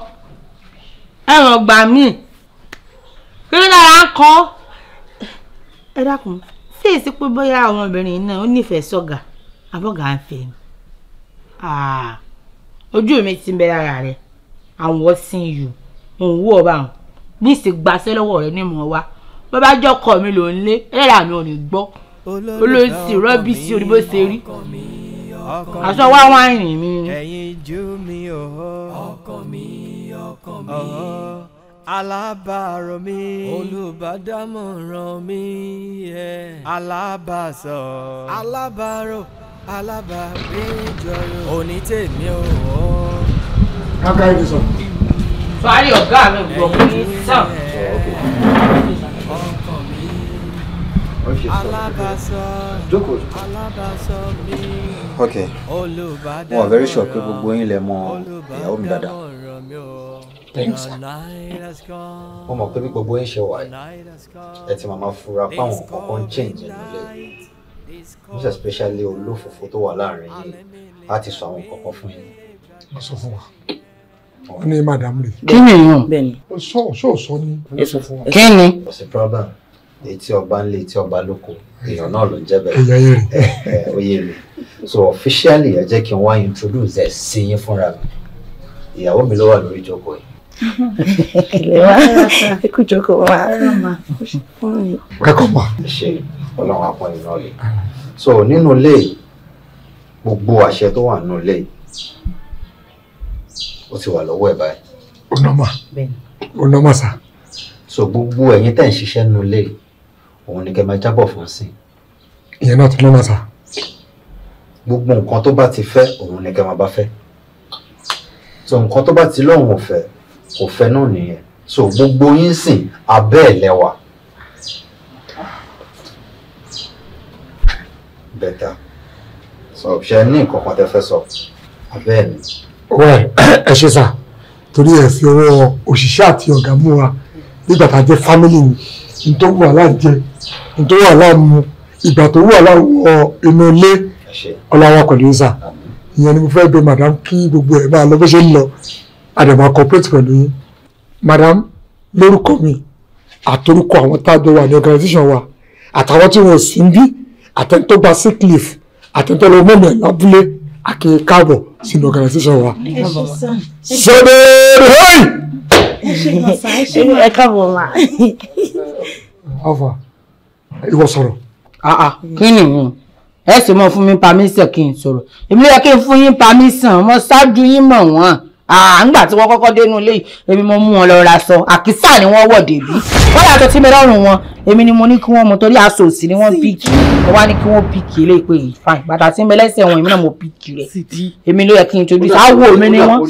ẹ̀rọ gbà mí kí ló dára ń kọ́. ẹ dákun ṣé èsì pé bóyá àwọn obìnrin náà ó nífẹ̀ẹ́ sọ̀gà abọ́gà ń fẹ́ mi ah, ojú mi ti ń bẹ lára rẹ àwọn ọ̀sìn yìí òun wú ọba àwọn ní ìsìgbàsẹ́ lọ́wọ́ rẹ ní mọ̀ wá bàbá jọkọ̀ mi ló ń lé ẹlẹ́dàá mi ò ní gbọ́ olóòsì rọ́bìsì oníbó ṣe rí aṣọ wá wáìnì mi. ẹ̀yin jú mi o. ọkọ mi ọkọ mi. alábàárò mi. olùbádámọ̀ràn mi. alábàásọ. alábàárò alábàápéjọyò. òní tèmi o. káká ibi sọ. sọ ayé ọ̀gá mi gbọ̀ fún mi sàn. Okay. wọn are very sure pé gbogbo yín lè mọ ìyàwó mi dáadáa. thanks sir. mo mọ̀ pé bí gbogbo yín ṣe wà ẹ ti màmá fura páwọn kọ̀ọ̀kan change ẹnu lẹ́yìn most especially olófòfò tó wà láàrin yìí láti sọ àwọn kọ̀ọ̀kan fún yín. wọ́n sọ fún wa wọ́n ní madam rè. kí ni ìyàn. ó sọ ó sọ ní. kí ni. what's the problem? etí ọba ńlẹ̀ etí ọba lóko èèyàn náà ló ń jẹ́ bẹ́ẹ̀ oyè mi so officially ẹ jẹ́ kí n wá introduce ẹ sí yín fúnra mi ìyàwó mi ló wà lórí ìjókòó yìí. ẹlẹ wa ẹ kú jókòó wa kẹ́kọ̀ọ́ pa. ṣe Ọlọ́run apọn iná rẹ so nínú ilé gbogbo àṣẹ tó wà nínú ilé ó ti wà lọ́wọ́ ẹ̀ báyìí. ó nọ́mà ó so gbogbo ẹ̀yin tẹ̀ ń ṣiṣẹ́ nínú ilé yìí òun ni kẹ́ máa jábọ̀ fún sí. ìyẹn náà tún lọ́nà sá. gbogbo nǹkan tó bá ti fẹ́ òun ni kẹ́ máa bá fẹ́ so nǹkan tó bá ti lóun ò fẹ́ kò fẹ́ náà nìyẹn so gbogbo yín sìn abẹ́ ẹ̀ lẹ́wà. bẹ́tà so ṣe ní nǹkan kan tẹ fẹ́ sọ abẹ́ ẹ̀ ni. well ẹ ṣe sá torí ẹ fi ọwọ́ òṣìṣẹ́ àti ọ̀gá mú wa nígbà tá a jẹ́ family ni n tó wù láti jẹ tó wà láàmú ìgbà tó wà láwọ inú ilé ọláwà kò ní sà ìyẹn ni mo fẹ́ bẹ̀ madam kí gbogbo ẹ̀ máa lọ bó ṣe ń lọ àdàmà corporate pẹ̀lú yín madam lórúkọ mi àtorúkọ àwọn tájọ wà ní organisation wa àtàwọn tí wọn ò sí ń bí àtẹ̀ntọ́ gba sick leave àtẹ̀ntọ́ lọ mọ́mọ́ ẹ̀ lábúlé àkè káàbọ̀ sínú organisation wa. sọ́dẹ̀ẹ́rẹ́ hẹ́ẹ́. ẹ káàbọ̀ máa ìwọ sọ̀rọ̀. kí ni yín ẹ sì mọ fún mi pàmísàn kí n sọ̀rọ̀ èmi ló yẹ kí n fún yín pàmísàn mo ṣáájú yín mọ̀ wọ́n àǹgbà tí wọ́n kọ́kọ́ dénú ilé èmi mo mú wọn lọ ra sọ àkísà ni wọ́n wọ̀ débí wọ́n yà tó tí mi lọ́rùn wọn èmi ni mo ní kí wọ́n mu torí aṣọ òsì ni wọ́n píìkì mo wá ní kí wọ́n píìkì ilé ìpè yìí fine bàtà tí mi lẹ́sẹ̀ wọn èmi náà mo píìkì rẹ̀ èmi ló yẹ kí n tóbi sá wò mí ni wọ́n.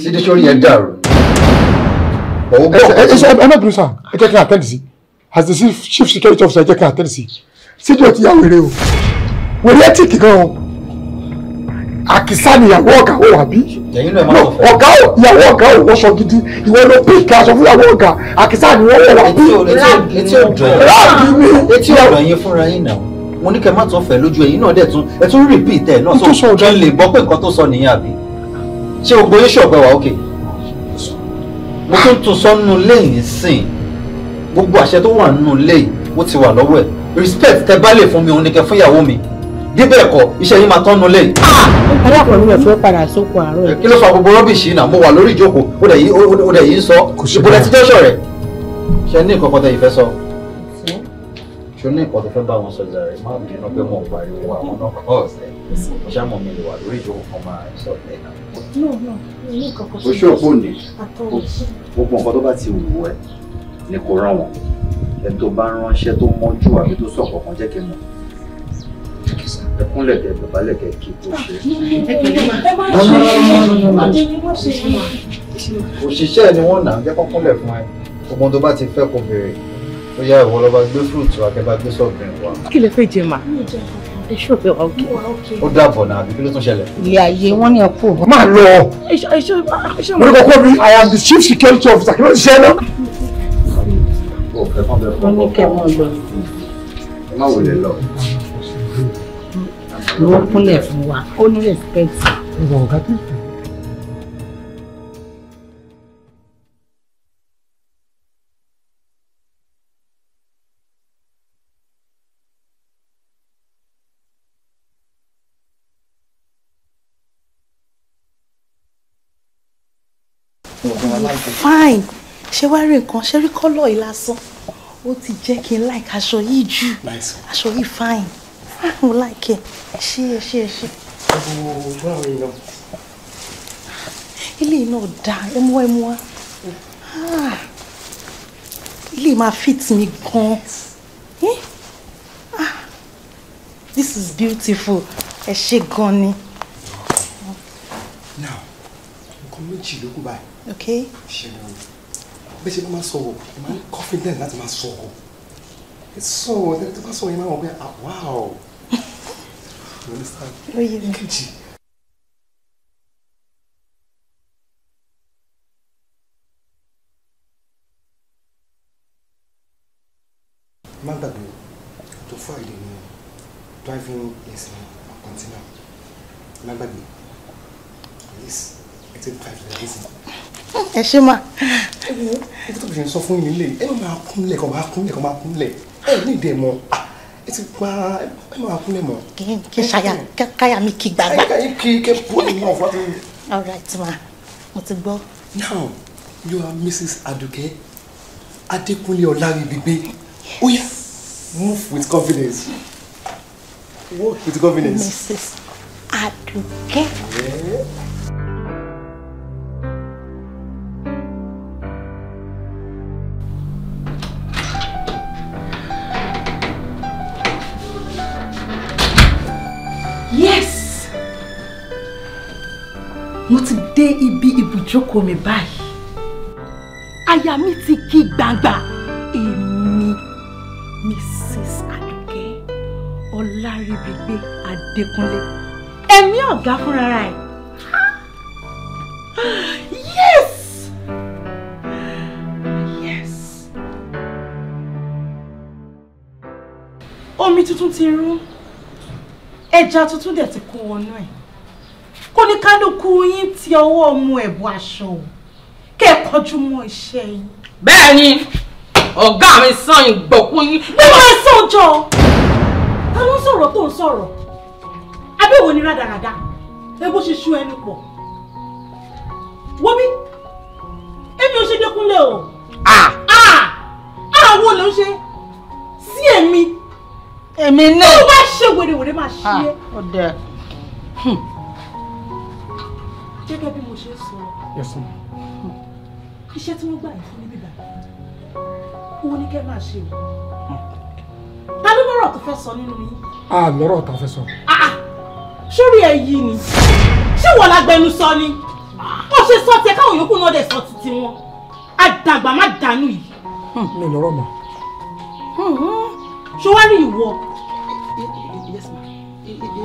ẹ ẹ ẹ ẹ má bínú sá ẹ jẹ́ kí n àtẹ́ǹdì sí i as the chief security officer jẹ́ ká àtẹ́lẹ̀ sí síjú ẹ̀ ti yá wèrè o wèrè ẹ̀ tì kíkan o àkìsá ni ìyàwó ọ̀gá ò wà bí ọ̀gá ò ìyàwó ọ̀gá ò wọṣọ gidi ìwọ ló pín ìka aṣọ fúnyàwó ọ̀gá àkìsá ni wọ́n wọ̀ wá bí láàbí mi. etí ọ̀dọ̀ yín fúnra yín náà mo ní kẹ́ má tún fẹ́ lójú ẹ̀yin náà dẹ̀ tún ẹ̀ tún repeat ẹ̀ náà sọ kí n lè gbọ́ pé nǹkan tó sọ nìyẹn àbí ṣé o gbóyè ṣọ̀gbẹ́ wa ókè mo tún tún sọ́nù lẹ́yìn sìn gbogbo àṣẹ tó wà nínú ilé yìí ó ti wà lọ́wọ́ ẹ̀ respect tẹ bá lè fún mi òun ni kẹ fún ìyàwó mi bí bẹ́ẹ̀ kọ́ iṣẹ́ yín máa tọ́nu lé yìí. alákùnrin ah! rẹ̀ fẹ́ padà sókun àárọ̀ yìí. kí ló fa gbogbo rọ́bìṣì náà mo wà lórí ìjókòó ó dẹ̀ yìí ó dẹ̀ yìí ń sọ ìbúlẹ̀ ti jọ́sọ̀ rẹ̀ ṣe ní nǹkan kan tẹ̀ ìfẹ́ sọ. ṣo ní nǹkan tó fẹ́ bá wọn sọ jàre má bínú pé mo pariwo àwọn náà kọ́ ọ̀sẹ̀ ṣé àmọ́ mi lè wà lórí ìjókòó kan máa sọ lẹ́yìn. o ṣe òpó ni gbogbo nǹkan tó bá ti wù ẹ́ ni kò rán wọn ẹ tó bá ránṣẹ́ tó mọ́jú àbí tó sọ kọ̀ọ̀kan jẹ́ kí n mọ̀ ẹ kúnlẹ̀ kẹ dọ̀bálẹ̀ kẹ kí kó ṣe. òṣìṣẹ́ ni wọ́n nà jẹ́ kọ́kúnlẹ̀ fún ẹ ọmọ tó bá ti fẹ́ kó bèrè ó yá ìwọ lọ́ba gbé fúrùtù akẹ́bá gbé sọ́ọ̀bìnrin wa. kí lè fẹ́ jẹ mà ẹ ṣòfẹ́ wa òkè. ó dàbọ̀ náà àbí kí ló tún ṣẹlẹ̀. ilé ayé wọn ni ẹ kú. máa lọ. mo ní kọ́kọ́ mi I am the chief security officer kí ló ń ṣe náà o Fine ṣé wá rí nǹkan ṣé rí kọ́lọ̀ yìí lásán ó ti jẹ́ kí n like aṣọ yìí jù aṣọ yìí fine mo like ẹ ṣe ẹ ṣe ẹ ṣe. ilé náà dáa ẹ mú ẹ mú wa ah. ilé máa fit mi gan-an ah. this is beautiful ẹ ṣe gan-an ni. now nǹkan méjì ló kù báyìí. okay. ṣe lóore bẹ́ẹ̀ ṣe ló máa sọ̀rọ̀ ẹ máa ń confident láti máa sọ̀rọ̀ ẹ sọ̀rọ̀ ẹ tó bá sọ̀rọ̀ ẹ máa wọ̀ pé ah, wow you understand oh, kejì. má gbàgbé tó Friday ni driving lesson continue má gbàgbé at least ẹ ti drive lesson. ẹ ṣe máa ẹ wo ètò tó fi sọ fún mi lè ẹ má máa kúnlẹ̀ kọ́ máa kúnlẹ̀ kọ́ máa kúnlẹ̀ ẹ ní ìdè mọ́ ah, ẹ ti gba ẹ má máa kúnlẹ̀ mọ́. kí ṣaya káyà mi kí gbàgbà. ẹ kí kí bó ni wọn fún mi. all right ma mo ti gbọ́. now you are mrs aduke adekunle ọlárìbígbé ó yá move with confidence walk with confidence. mrs aduke. Yeah. dé ibi ibùjókòó mi báyìí àyà mi ti kí gbangba èmi Mrs. Àdùkẹ́ Ọláribigbe Adékúnlé ẹ̀mí ọ̀gá fúnra ẹ̀ yes. omi tuntun ti rú ẹja tuntun dẹ̀ ti kó wọnú ẹ̀ kó ní kálukú yín ti ọwọ́ ọmọ ẹ̀bù aṣọ o kẹ́ ẹ̀ kọjú mọ́ iṣẹ́ yín. bẹ́ẹ̀ ni ọ̀gá mi sàn ìgbọ̀kú yín. bí wọ́n sọ jọ ta ló ń sọ̀rọ̀ tó ń sọ̀rọ̀ abẹ́wò ni rádaràda ebó ṣe ṣú ẹnu pọ̀ wọ́n bí èmi ò ṣe dẹ́kunlé o àwọn olè ń ṣe sí èmi èmi náà tó bá ṣe wèrèwèrè máa ṣe é gẹ́gẹ́ bí mo ṣe sọ iṣẹ́ tí wọ́n gbà yìí fún níbí bàbá owó ní kẹ́ máa ṣe o ta ló lọ́rọ̀ tó fẹ́ sọ nínú yín. a ah, lọ́rọ̀ tá a fẹ́ sọ. Ah, ah. sórí ẹ yìí ni ṣé wọ́n la gbẹnu sọ ni ó ṣe sọ tiẹ̀ káwọn yòókù náà dẹ̀ sọ títí wọn àdàgbà má dànù yìí. Hmm, mi lọ́rọ̀ mọ́. Hmm, hmm. ṣé wàá rí ìwọ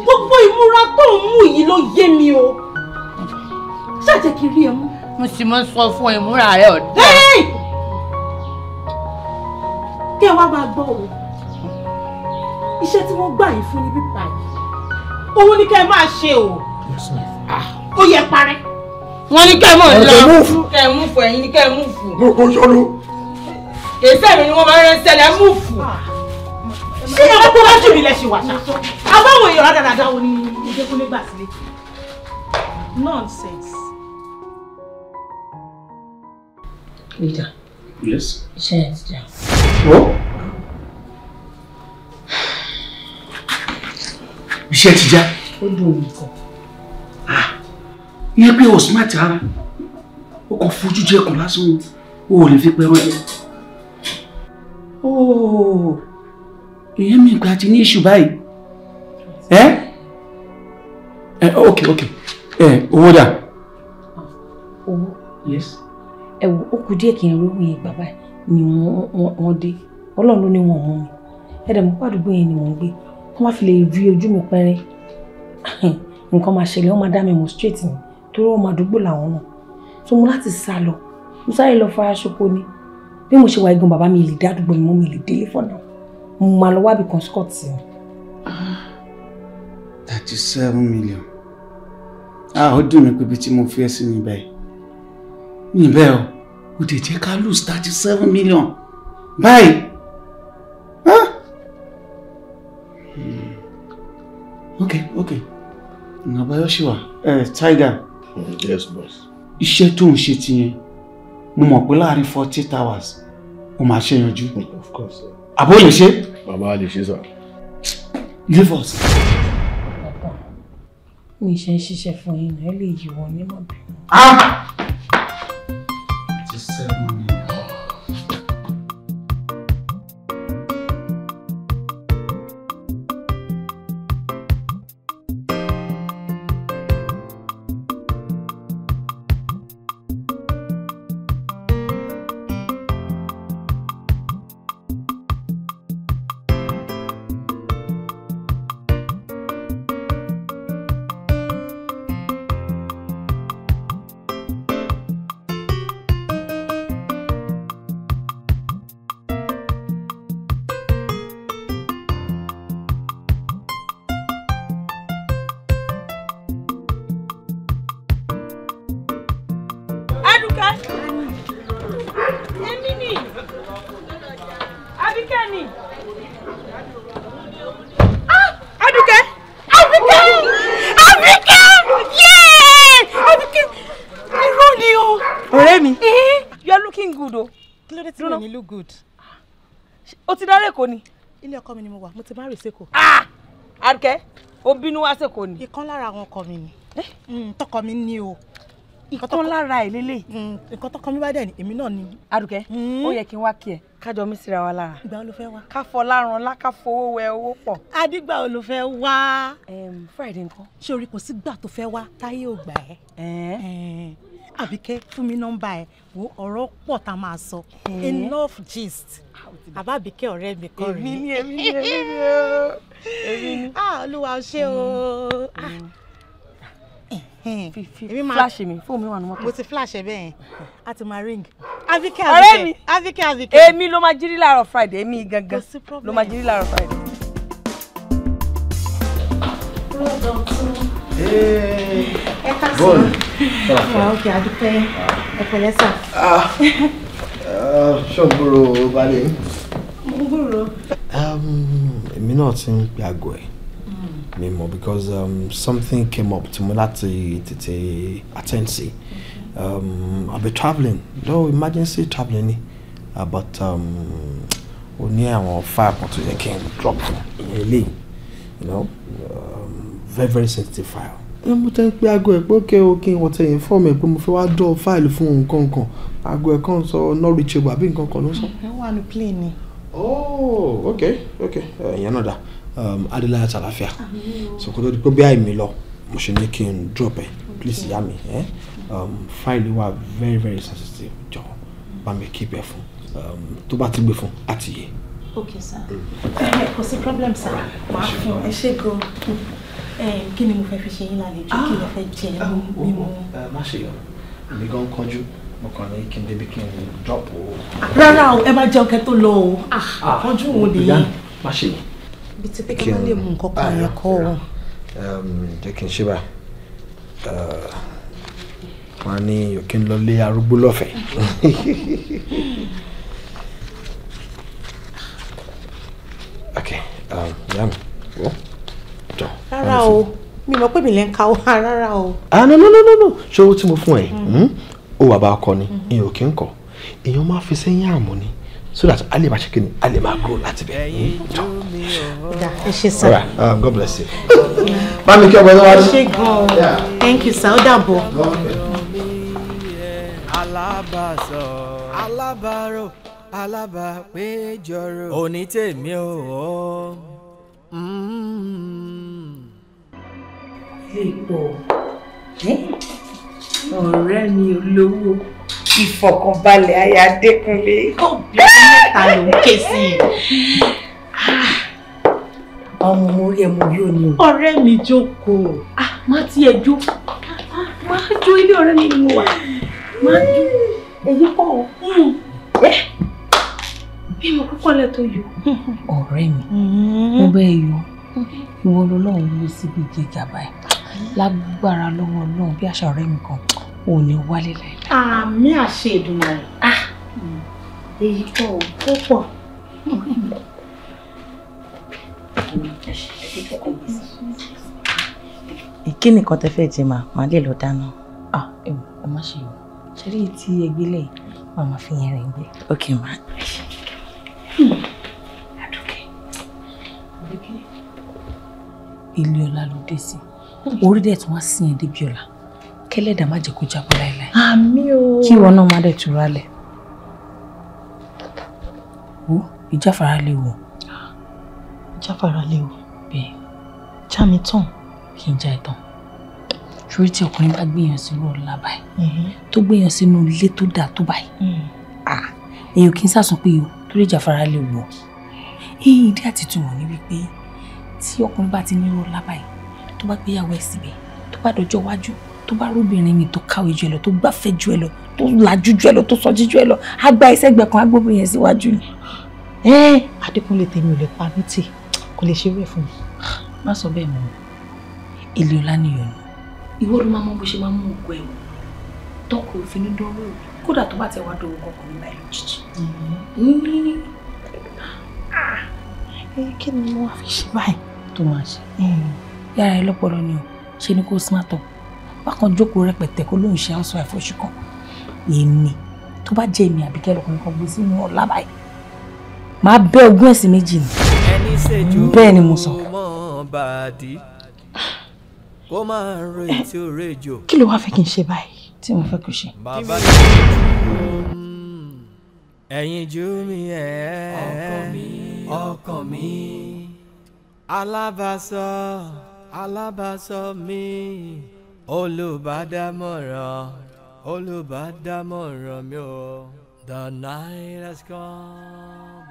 gbogbo ìmúra tó ń mú yìí ló yé mi o ṣàjẹ́ kí n rí ẹ mú. mo sì mọ sọ fún ẹ múra rẹ ọ̀dọ́. kí ẹ wá máa gbọ́ o iṣẹ́ tí wọ́n gbà yín fún ní bíbá yìí òun ni kẹ́ ẹ máa ṣe o ah, ó yẹ parẹ́. wọ́n ní kẹ́ ẹ mọ̀ ní lọ kẹ́ ẹ mú fún ẹ̀yin ní kẹ́ ẹ mú fún. mo kò yọ ló. èsì ẹ̀mí ni wọ́n máa ń rẹ́ sẹ́lẹ̀ mú fún. Ah. ṣé ẹ kó wájú mi lẹ wà ṣá. àbáwò èèyàn rádaràda wo ni ìdẹ́kùnlé gbà sílé. nonsense. Leader. Yes? Iṣẹ́ yẹn ti dà. Wọ́n. Iṣẹ́ ti já. Ó dùn mí kọ. Ìyẹn o smart rárá. O kàn fojú jẹ kàn lásán. O ò lè fi pẹ́rọ jẹ. Ooo. Ìyẹn mi ìgbà ti ní iṣu báyìí. Ẹ́ Ẹ́ ok ok. Ẹ owó dà. Owó. Yes ẹ wò ó kù díẹ̀ kí n róhùn yẹn bàbá ni wọ́n dé ọlọ́run ló ní wọn mú mi ẹ dẹ̀ mọ́ pàdúgbò yẹn ni mò ń gbé wọ́n wá fi lè rí ojú mi pẹ́rín nǹkan máa ṣẹlẹ̀ wọ́n máa dá mi mọ̀ straight ni torí wọ́n máa dúgbò làwọn náà tó mú láti sá lọ mo sáré lọ fara ṣoko ni bí mo ṣe wà igun bàbá mi lè dá àdúgbò mi mọ́ mi lè délé fọ̀nà mo máa lọ wábì kan scott sí i. thirty seven million ah ó dùn mí pé bí tí mo fi ẹ́ sí ní báyìí mi bẹ́ẹ̀ o kò tè jẹ́ ká lose thirty seven million báyìí. ok ok nàbáyọ ṣì wà ẹ tiger. yes boss. iṣẹ́ tó ń ṣe ti yẹn mo mọ̀ pé láàrin forty hours o máa ṣe yanjú. of course. àbó lè ṣe. bàbá lè ṣe sà. leave us. mi ṣe ń ṣiṣẹ́ fún yín náà ẹ lè yíwọ nímọ̀ bí. ah sẹ́kọ̀ọ́ ni. ilé ọkọ mi ni mo wà mo ti má rè sẹ́kọ̀ọ́. ah àrùkẹ́ o bínú wá sẹ́kọ̀ọ́ ni. ìkan lára àwọn ọkọ mi ni eh? mm, tọkọ mi ni o. ìkan lára ẹ̀ lélẹ̀. Mm, nǹkan tọkọ mi bá dẹ̀ ni èmi náà ni. àrùkẹ́ mm. ó yẹ kí n wá kí ẹ kájọ mi síra wa lára. ìgbà wo ló fẹ́ wá. ká fọ lárun ńlá ká fowó wẹ owó pọ̀. adigba wo ló fẹ́ wá. friday nǹkan. ṣé orí kò sí gbà tó fẹ́ wá táyé ò gbà ẹ́ àbíkẹ́ fún mi nọ́mbà ẹ̀ wo ọ̀rọ̀ pọ̀ tá a máa sọ enough gist àbá àbíkẹ́ ọ̀rẹ́ mi kan rèé. èmi ni èmi ni èmi ni èmi ni. ah olúwa o ṣé o. Mm. Ah. èmi máa flash mi fóònù mi wà ní mọ́tò. mo ti flash ẹ bẹ́ẹ̀ a ti máa ring. àbíkẹ́ àbíkẹ́ àbíkẹ́ àbíkẹ́. èmi ló máa jírí láàárọ̀ friday èmi gangan ló máa jírí láàárọ̀ friday ẹ ká sọ ọ òkè àdúpẹ́ ẹ pẹ̀lẹ́ sà. Ah. Ah, ṣọ́gbòrò balẹ̀. mo gbòòrò. Um, èmi náà ti ń pe aago ẹ̀ hmm. mi mọ̀ because um, something came up to me láti tètè attend sí um, I be travelling No emergency travelling ni uh, but um, o ní àwọn fáàpù tó yẹ kí n drop ilé you know. Uh, very very sensitive file. ẹ mo tẹ́ ń pe aago ẹ̀ pé ókè ókè wọ́n tẹ inform ẹ̀ pé mo fẹ́ wá dọ̀ fáìlì fún òun kankan aago ẹ̀ kan sọ not reachable àbí nǹkan kan ló sọ. ẹ wà ní plane ni. oh ok ok ìyẹn náà dà um, adela àti àlàáfíà sọkòtò pé bí àìmí lọ mo ṣe ní kí n drop ẹ please yá mi ẹ um, fáìlì wa very very sensitive jọ bá mi keep ẹ fún um, tó bá ti gbé fún àtìyẹ. ok sir mm. kò sí problem sir màá fún ẹ ṣe gan kí ni mo fẹ́ fi ṣe yín lálejò kí lè fẹ́ jẹ ah, mímu. Oh, oh, oh, eh, má ṣe yọ èmi gan kánjú mo kàn ní kí n débi kí n drop o. rárá o ẹ má jẹun kẹ tó lọ o ah. Ah, kánjú wo nìyí. má ṣe yọ. bí ti pé kí wọ́n lè mú nǹkan kan yẹn kọ́ ọ. Um, jẹ́ kí n ṣe bá uh, wọn ní yòókì ń lọ lé arúgbó lọ́fẹ̀ẹ́. Okay, um, yummy. Cool rárá o mi mọ̀ pé mi lè ń ka rárá o. ah no no no no no ṣé owó tí mo fún ẹ ó wà bá a kọ ni mm-hmm. ìyẹn ò kí ń kọ èèyàn máa fi sẹ́yìn àmọ́ ni so that a lè máa ṣe kí ni a lè máa grow láti bẹ̀. Hmm? ẹ ṣe sá. all right um, God bless you. bá mi kí ọgbẹ́ wá dé. ṣé gan-an thank you sir ó dàbọ̀. alábàásọ̀ alábàárò alábàápéjọrò onítèmi ò Ipò ọ̀rẹ́ mi olówó ìfọ̀kànbalẹ̀ aya Adékúnlé. Ọ̀bẹ mẹ́ta ló ń ké sí i. Ah! Ọmọ orí ẹmu yóò ní o. Ọ̀rẹ́ mi jókòó. Ah, má ti ẹ jó. jó ilé ọ̀rẹ́ mi ni mo wà. Má jó. Èyí pọ̀ o. Hmm. Èmi kúkọ́ lẹ tó yọ. Ọ̀rẹ́ mi, mm-hmm. mo bẹ́ẹ̀ yọ. Ìwọ lọ́lọ́run ló síbi gíga báyìí. Lágbára lọ́wọ́ Ọlọ́run bí àṣà ọ̀rẹ́ mi kan, ò ní wálé láìláì. Àmì àṣẹ Èdùmàrè. Ah! Mm. Èyí pọ̀ ó pọ̀. Kí nìkan tẹ fẹ́ jẹ màá, màá lè lọ dáná. Ah, ẹ má ṣe yọ. Ṣé rí ti ẹgbẹ́ lẹ́yìn? Màmá fi yẹn rìn gbé. Ok, màá. ilé ọlá ló dé sí orí dẹ̀ tí wọ́n sin ẹ̀ débi ọ̀la kẹ́lẹ́dàá má jẹ́ kó jábọ́ láéláé. àmì o. kí ìwọ náà má dẹ̀ túra lẹ̀. wo ìjáfara léwu. ìjáfara léwu. bẹ́ẹ̀. já mi tán. kí n já ẹ tán. ṣorí tí ọkùnrin bá gbìyàn sínú ọ̀la báyìí mhm. tó gbìyàn sínú ilé tó dáa tó báyìí mm. èèyàn kì í sàsùn pé o torí ìjáfara léwu. ìdí àtìtù wọ̀ ni wípé tí ọkùnrin bá ti ní irú lábàá yìí tó bá gbéyàwó ẹ̀ síbẹ̀ tó bá dọjọ́ iwájú tó bá róbìnrin mi tó kàwé ju ẹ lọ tó gbáfẹ́ ju ẹ lọ tó lajú ju ẹ lọ tó sọjí ju ẹ lọ á gba ẹsẹ̀ gbẹ kan á gbóbìnrin yẹn síwájú ni. ẹ Adékúnlé tèmi ò lè pa mí tì kò lè ṣe wẹ fún mi. má sọ bẹ́ẹ̀ mọ́ ilé ọlá nìyọ̀ ni. ìwọ ló máa mọ bó ṣe máa mú ògùn ẹ̀wọ̀n tọkọ òfin ní dánwó kódà tó bá tẹ wá dọwọ́ kọkàn nígbà yìí lójijì. Mm-hmm. Ah! kí ni mo wá fi ṣe báyìí tó máa ṣe yàrá ẹ lọ́pọlọ ni o ṣe ni kó smart up bákan jókòó rẹpẹtẹ kó lóun ṣe housewife oṣù kan èmi tó bá jẹ́ èmi àbíkẹ́ lọkùnrin kan gbé sínú ọ̀la báyìí máa bẹ́ ogún ẹ̀sìn méjì ni bẹ́ẹ̀ ni mo sọ. kí ló wá fẹ́ kí n ṣe báyìí tí mo fẹ́ kó ṣe. ẹ̀yin jú mi ẹ̀ ọkàn mi ọkàn mi alábàásọ alábàásọ mi olùbádámọ̀ràn olùbádámọ̀ràn mi o. The night has come,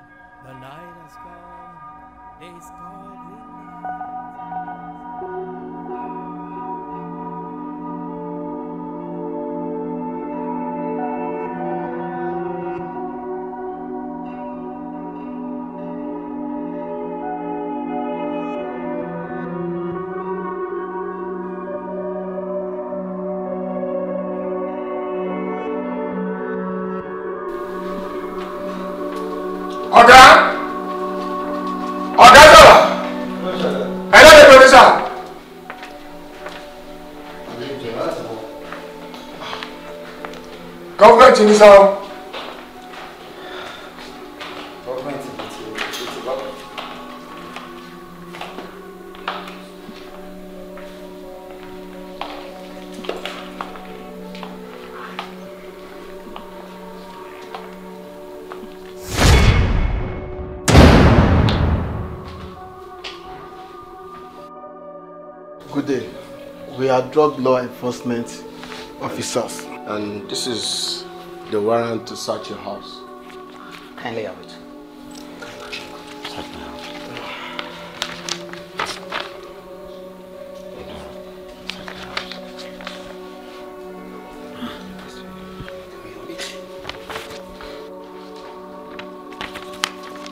the night has come, it's calling me. ọ̀gá ọ̀gá dọ̀là ẹlẹ́dẹ̀ẹ́ pẹ̀lúṣà. gọ́fúmẹ̀ntì ní sáwọn. drug law enforcement officers. And this is the warrant to search your house. Kindly have it.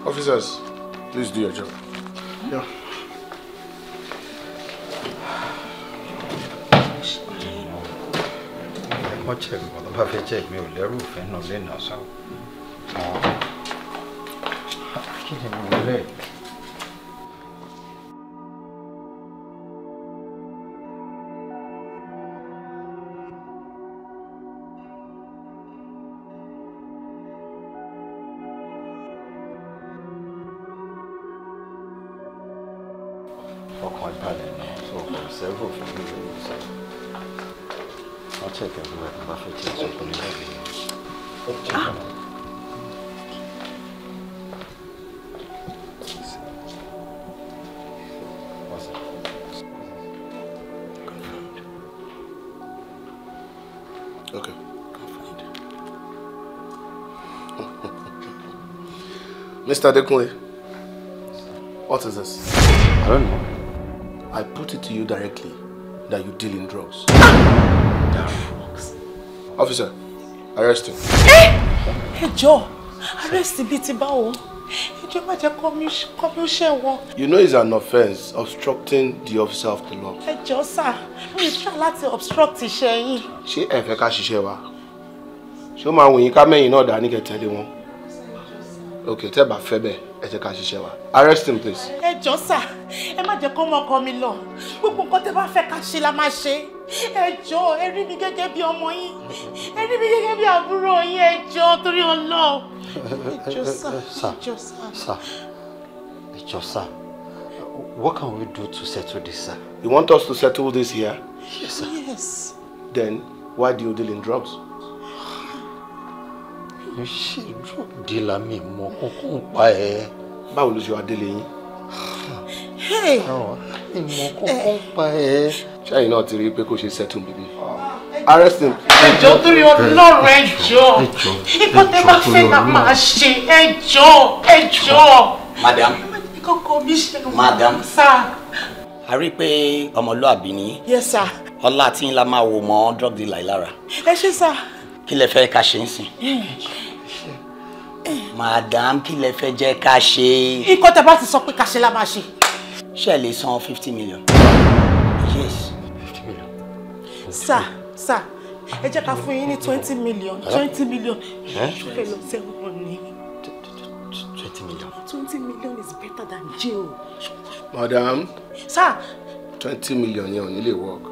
Officers, please do your job. kọ́ check tó bá fẹ́ check mi ò lẹ́rù òfin náà lè nà kí ni mo lẹ́yìn. Mr. Adekunle, what is this? I don't know. I put it to you directly that you deal in drugs. drugs. Officer, arrest him. Hey, hey, Joe, arrest bíi ti báwo? Ẹ jọ̀ọ́ má jẹ́ kọ́ mi ó ṣẹ̀wọ̀n. You know it's an offence obstructing the officer of the law. Ẹ jọ̀ọ́ sà, mi ì try láti obstruct she, yín. Ṣé ẹ fẹ́ ká ṣiṣẹ́ wa? Ṣé ó máa wù yín ká mẹ́yìn náà dání kẹ́ tẹ̀lé wọn? ok tẹ́ bá fẹ́ bẹ́ẹ̀ ẹ jẹ́ ká wa arrest him please. ẹ jọ̀ọ́ sà ẹ má jẹ́ kó mọ ọkọ mi lọ gbogbo nǹkan tẹ́ bá fẹ́ ká ṣe la máa ṣe ẹ jọ̀ọ́ ẹ rí mi gẹ́gẹ́ bí ọmọ yín ẹ rí mi gẹ́gẹ́ bí àbúrò yín ẹ jọ̀ọ́ torí Ọlọ́run ẹ jọ̀ọ́ sà ẹ jọ̀ọ́ sà. ẹ what can we do to settle this sir. you want us to settle this here. yes sir. yes. then why do you deal in drugs ń ṣe drug dealer mi mọ kankan pa ẹ. báwo ló ṣe wá délé yín. mi mọ kankan pa ẹ. ṣáàyìn náà ti rí i pé kó ṣe settle bíbí. arrest him. ẹjọ́ torí Ọlọ́run ẹjọ́ ìbọn tẹ bá fẹ́ ká máa ṣe ẹjọ́ ẹjọ́. madam. madam. sá. a rí i pé ọmọlúàbí ni. yes sir. ọlá tí ń la máa wò mọ́ drug dealer lára. ẹ ṣe sá kí lẹ fẹ́ ká ṣe ń sìn. madam kí lẹ fẹ́ jẹ́ ká ṣe. ikọ́ tẹ bá ti sọ pé ká ṣe la máa ṣe. ṣe lè san fifty million. yes. sir sir ẹ jẹ́ ká fún yín ní twenty million twenty million ṣọfẹ́ lọ sẹ́wọ̀n ni. twenty million. twenty million is better than jail. madam. sir. twenty million yẹn ò ní lè work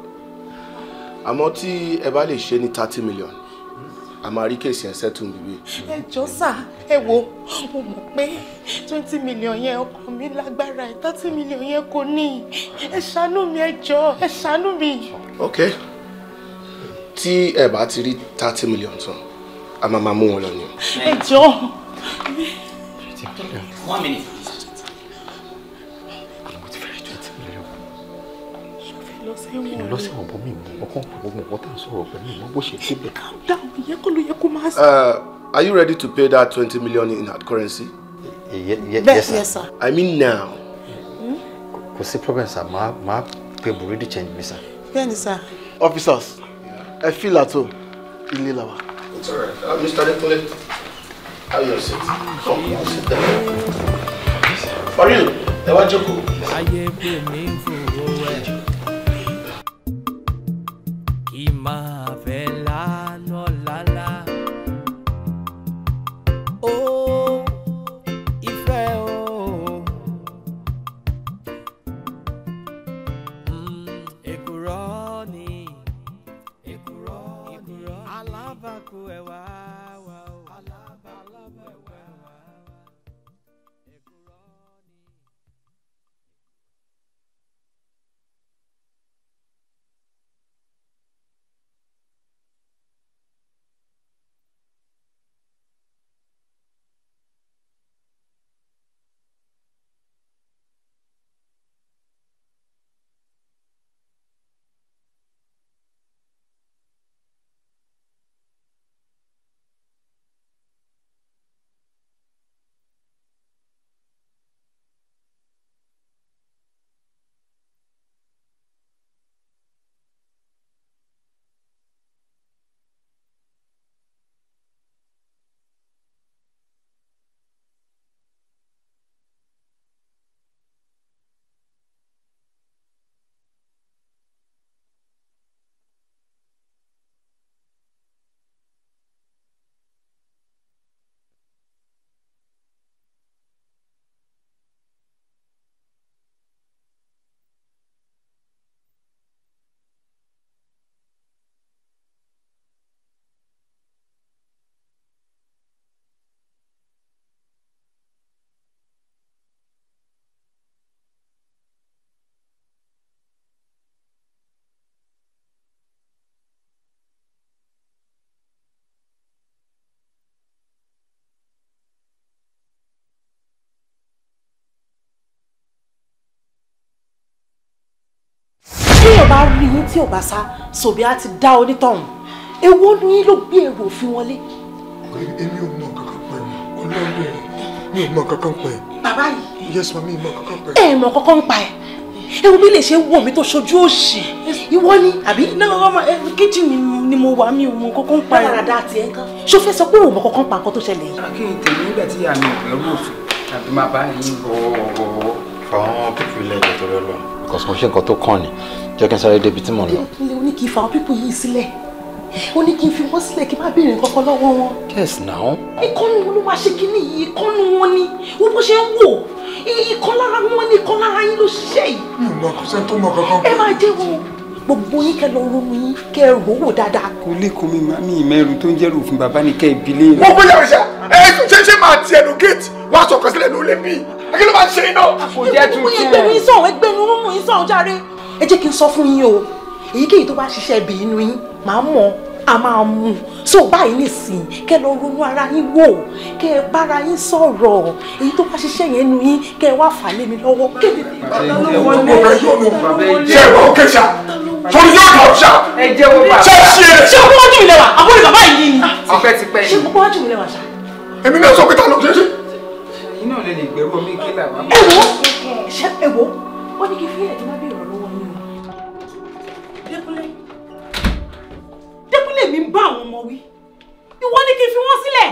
àmọ́ tí ẹ bá lè ṣe ní thirty million a máa rí kèsì ẹ̀ sẹ́tùn bíbí. ẹ jọ sà ẹ wo mo mọ̀ pé twenty million yẹn ọkàn mi lágbára ẹ̀ thirty million yẹn kò ní ẹ ṣàánú mi ẹ jọ ẹ ṣàánú mi. ok tí ẹ bá ti rí thirty million tán a máa máa mú wọn lọ ni. ẹ jọ. one minute please. lọ sí wọn mi mọ ọkàn gbogbo nǹkan tá à ń pẹ̀lú ìmọ̀ bó ṣe débẹ̀. calm down ìyẹn kọ́ ló yẹ kó máa sọ. Uh, are you ready to pay that twenty million in hard currency. Eh, eh, yes, sir. yes sir. i mean now. Hmm? kò sí problem sir máa máa pe burúdi change mi sir. bẹ́ẹ̀ni sir. officers ẹ fi làtò ilé la it's alright uh, mr dekule how you sit come sit down. for real ẹ wá jókòó. ayé tí ò bá sá sòbí á ti dá onítọ̀hún èwo ni yín ló gbé èrò òfin wọlé. èmi ò mọ kankan pẹ ọlọ́run mi ò mọ kankan pẹ. bàbá yìí. yes ma mi ò mọ kankan pẹ. ẹ mọ kankan pa ẹ ewu bí lè ṣe wọ mi tó ṣojú òṣì ìwọ ni àbí náà ọmọ eh, kíjì ni mo wà mi ò mọ kankan pa ẹ. lára dáa tiẹ̀ ń kán. ṣó sọ pé òun mọ kankan pa nǹkan tó ṣẹlẹ̀ yìí. kí n tẹ̀lé nígbà tí àmì ìpẹ́rù òfin àbí máa bá yín bọ̀ ọ̀ọ̀ fún àwọn tó lọ́lọ́ jẹ́ kí n sáré débi tí mò ń lọ. ilé o ní kí n fa yìí sílẹ̀ o ní kí n fi wọ́n sílẹ̀ kí n má béèrè nǹkan kan lọ́wọ́ wọn. yes now. ìkọ́nù wọn ló máa ṣe kínní yìí ìkọ́nù wọn ni wo bó ṣe ń wò ìkan lára wọn ni ìkan lára yín ló ṣiṣẹ́ yìí. mi ò lọ kó sẹ́ tó mọ kankan. ẹ máa jẹ́ wọn gbogbo yín kẹ lọ ronú yín kẹ rò wò dáadáa. kò lè kó mi máa mi ìmẹ́rù tó ń jẹ́rù fún bàbá ni kẹ́ ìbílẹ̀ rẹ̀. mo gbọ́dọ̀ ṣe ẹ ṣe ṣe máa ti ẹnu géètì wá sọ̀kan sílẹ̀ ló lè bí i kí ló máa ń ṣe iná. kò jẹ́ tuntun ẹ̀. ẹgbẹ́ mi sọ̀rọ̀ ẹgbẹ́ mi rúnmù yín sọ̀rọ̀ járe ẹ jẹ́ kí n sọ fún yín o èyíkéyìí tó bá ṣiṣẹ́ bí inú yín màá mọ̀ a máa mú so báyìí nìsín kẹ lọ ronú ara yín wò kẹ ẹ bára yín sọ̀rọ̀ èyí tó bá ṣiṣẹ́ yẹn nu yín kẹ wá fà lé mi lọ́wọ́ kéde. ṣé ìwà ó kéṣà torí yóò kàn ṣá. ẹ jẹ́ wọ́n bá a. ṣé ṣe é. ṣé kókó jù mí lẹ́wà àbúrò bàbá yìí ni. tipẹ́tipẹ́ yìí. ṣé kókó jù mí lẹ́wà ṣá. èmi náà sọ pé ta ló ṣe é ṣe. inú ò lè lè gbẹ̀rù omi kí làwọn. ẹ wo ẹ wo ó ní kí fílẹ̀ kí má bẹ̀rù lèmi ń bá àwọn ọmọ wí ìwọ ni kí n fi wọ́n sílẹ̀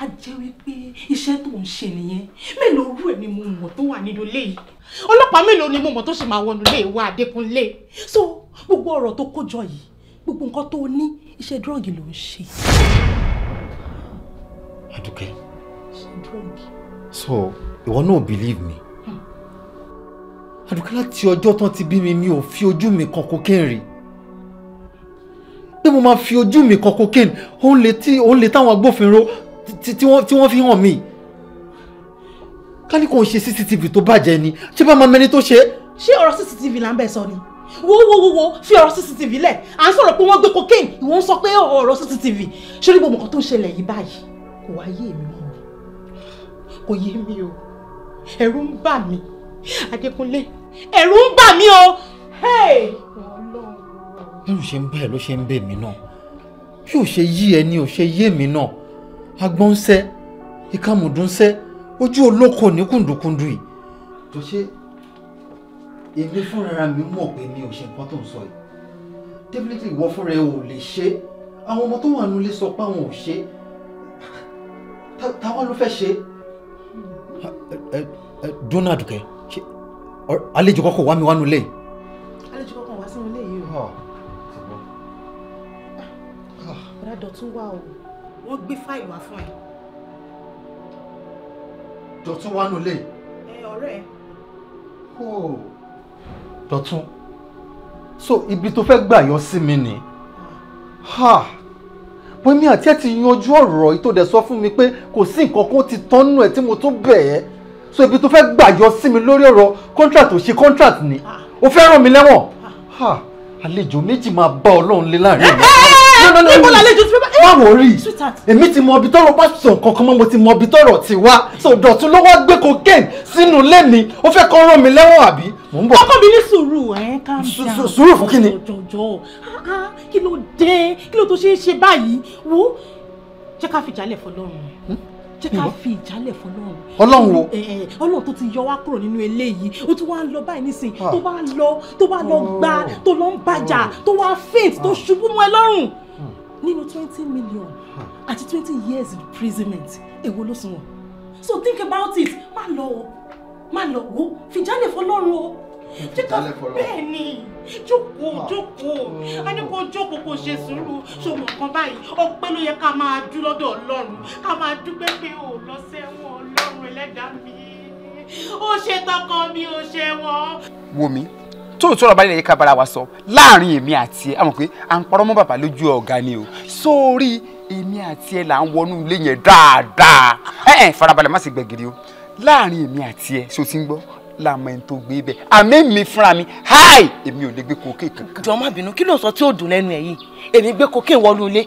a jẹ́ wípé iṣẹ́ tó ń ṣe nìyẹn mélòó rú ẹ̀ ni mo mọ̀ tó wà nínú ilé yìí ọlọ́pàá mélòó ni mo mọ̀ tó ṣe máa wọnú ilé ìwà Adékúnlé so gbogbo ọ̀rọ̀ tó kó jọ yìí gbogbo nǹkan tó ní iṣẹ́ dírọ́ọ̀gì ló ń ṣe. Adúkẹ́ so ìwọ náà believe me hmm. Adúkẹ́ láti ọjọ́ tán ti bí mi mi ò fi ojú mi kan kokéèrè pé mo máa fi ojú mi kọ cocaine òun lè tí òun lè táwọn agbófinró tí wọ́n fi hàn mí. ká ní kò ń ṣe cctv tó bàjẹ́ ni ṣé bá máa mẹni tó ṣe. ṣé ọ̀rọ̀ cctv là ń bẹ̀ sọ ni wo wo wo wo fi ọ̀rọ̀ cctv lẹ̀ à ń sọ̀rọ̀ pé wọ́n gbé cocaine ìwọ ń sọ pé ọ̀rọ̀ cctv ṣórí gbogbo nǹkan tó ń ṣẹlẹ̀ yìí báyìí kò wá yé mi mọ́ kò yé mi o ẹ̀rù ń bà mí Adékúnlé ẹ̀rù ń bà mí o. Hey! bóun ṣe ń bẹ́ẹ̀ ló ṣe ń bẹ̀ mí náà bí ò ṣe yí ẹni ò ṣe yé mi náà agbọ́n sẹ́ ìkàmùdún sẹ́ ojú olóko ní kùndùkùndù yìí tó ṣe èmi fúnra mi mọ̀ pé mi ò ṣe nǹkan tó ń sọ yìí definitely ìwọ fúnra ẹ ò lè ṣe àwọn ọmọ tó wà nílé sọ pé àwọn ò ṣe táwọn ló fẹ́ ṣe. dúnàdùkẹ́ àlejò kọ́kọ́ wá mi wá nulẹ̀ yìí. dọ̀tún wá o wọ́n gbé fáìlì wá fún ẹ. dọ̀tún wá nulẹ̀. ẹ ọ̀rẹ́. dọ̀tún so ibi tó fẹ́ gbà yọ sí mi ni bóyá mi àti ẹ ti yanjú ọ̀rọ̀ yìí tó dẹ̀ sọ fún mi pé kò sí nǹkan kan ti tọ́nú ẹ tí mo tún bẹ̀ ẹ́ so ibi tó fẹ́ gbà yọ sí mi lórí ọ̀rọ̀ contract ò ṣe contract ni ah. o fẹ́ ràn mí lẹ́wọ̀n àlejò méjì máa bá ọlọ́run lé láàrin ìgbà. Eh, no no ibo lálejò tí pépà. má eh, wò rí èmi ti mọ ibi tọrọ bá sọ kankan mọ mo ti mọ ibi tọrọ ti wá so Dọ̀tun ló wá gbé cocaine sínú lẹ́ni ó fẹ́ kọ́ rán mi lẹ́wọ̀n àbí mò ń bọ̀. ọkọ mi ní sùúrù ẹ ká ń jà sùúrù fún kí ni. jọjọ ah, ah, kí ló dé kí ló tó ṣe é ṣe báyìí wo jẹ́ ká fìjà lẹ̀ fọlọ́run hmm? jẹ́ ká fi ìjálẹ̀ fún ọlọ́run. ọlọ́run o. ọlọ́run tó ti yọ wá kúrò nínú eléyìí ó tún wá ń lọ báyìí nísìn ah. tó bá lọ tó bá lọ gbá oh. tó lọ ń bàjà tó wá faint tó ṣubú mọ́ ẹ lọ́rùn nínú twenty million àti twenty years imprisonment èwo ló sunwọ̀n so think about it má lọ o má lọ wo fìjálẹ̀ fọlọ́run o fìjálẹ̀ fọlọ́run bẹ́ẹ̀ ni jókòó jókòó oh. a ní kó jókòó kó ṣe sùúrù ṣòwò kan báyìí ọpẹ́ ló yẹ ká máa dú lọ́dọ̀ ọlọ́run ká máa dúpẹ́ pé ò lọ sẹ́wọ̀n ọlọ́run ẹlẹ́dàá mi ó ṣe tọkọ mi ó ṣe wọ́n. wo mi tó tó ọ̀rọ̀ bá nílẹ̀ yẹ ká bára wa sọ láàrin èmi àti ẹ àmọ̀ pé à ń parọ́ mọ́ bàbá lójú ọ̀gá ni o sórí èmi àti ẹ là ń wọnú ilé yẹn dáadáa ẹ ẹ farabalẹ̀ má sì gbẹ̀gìrì o láàrin èmi àti ẹ ṣó ti ń gbọ́ làmọ ẹni tó gbé bẹ àmì mi fúnra mi háì èmi ò lè gbé kokéè kankan. jọ̀ọ́ má bínú kí ló ń sọ tí ó dùn lẹ́nu ẹ̀ yìí èmi gbé kokéè wọlé ilé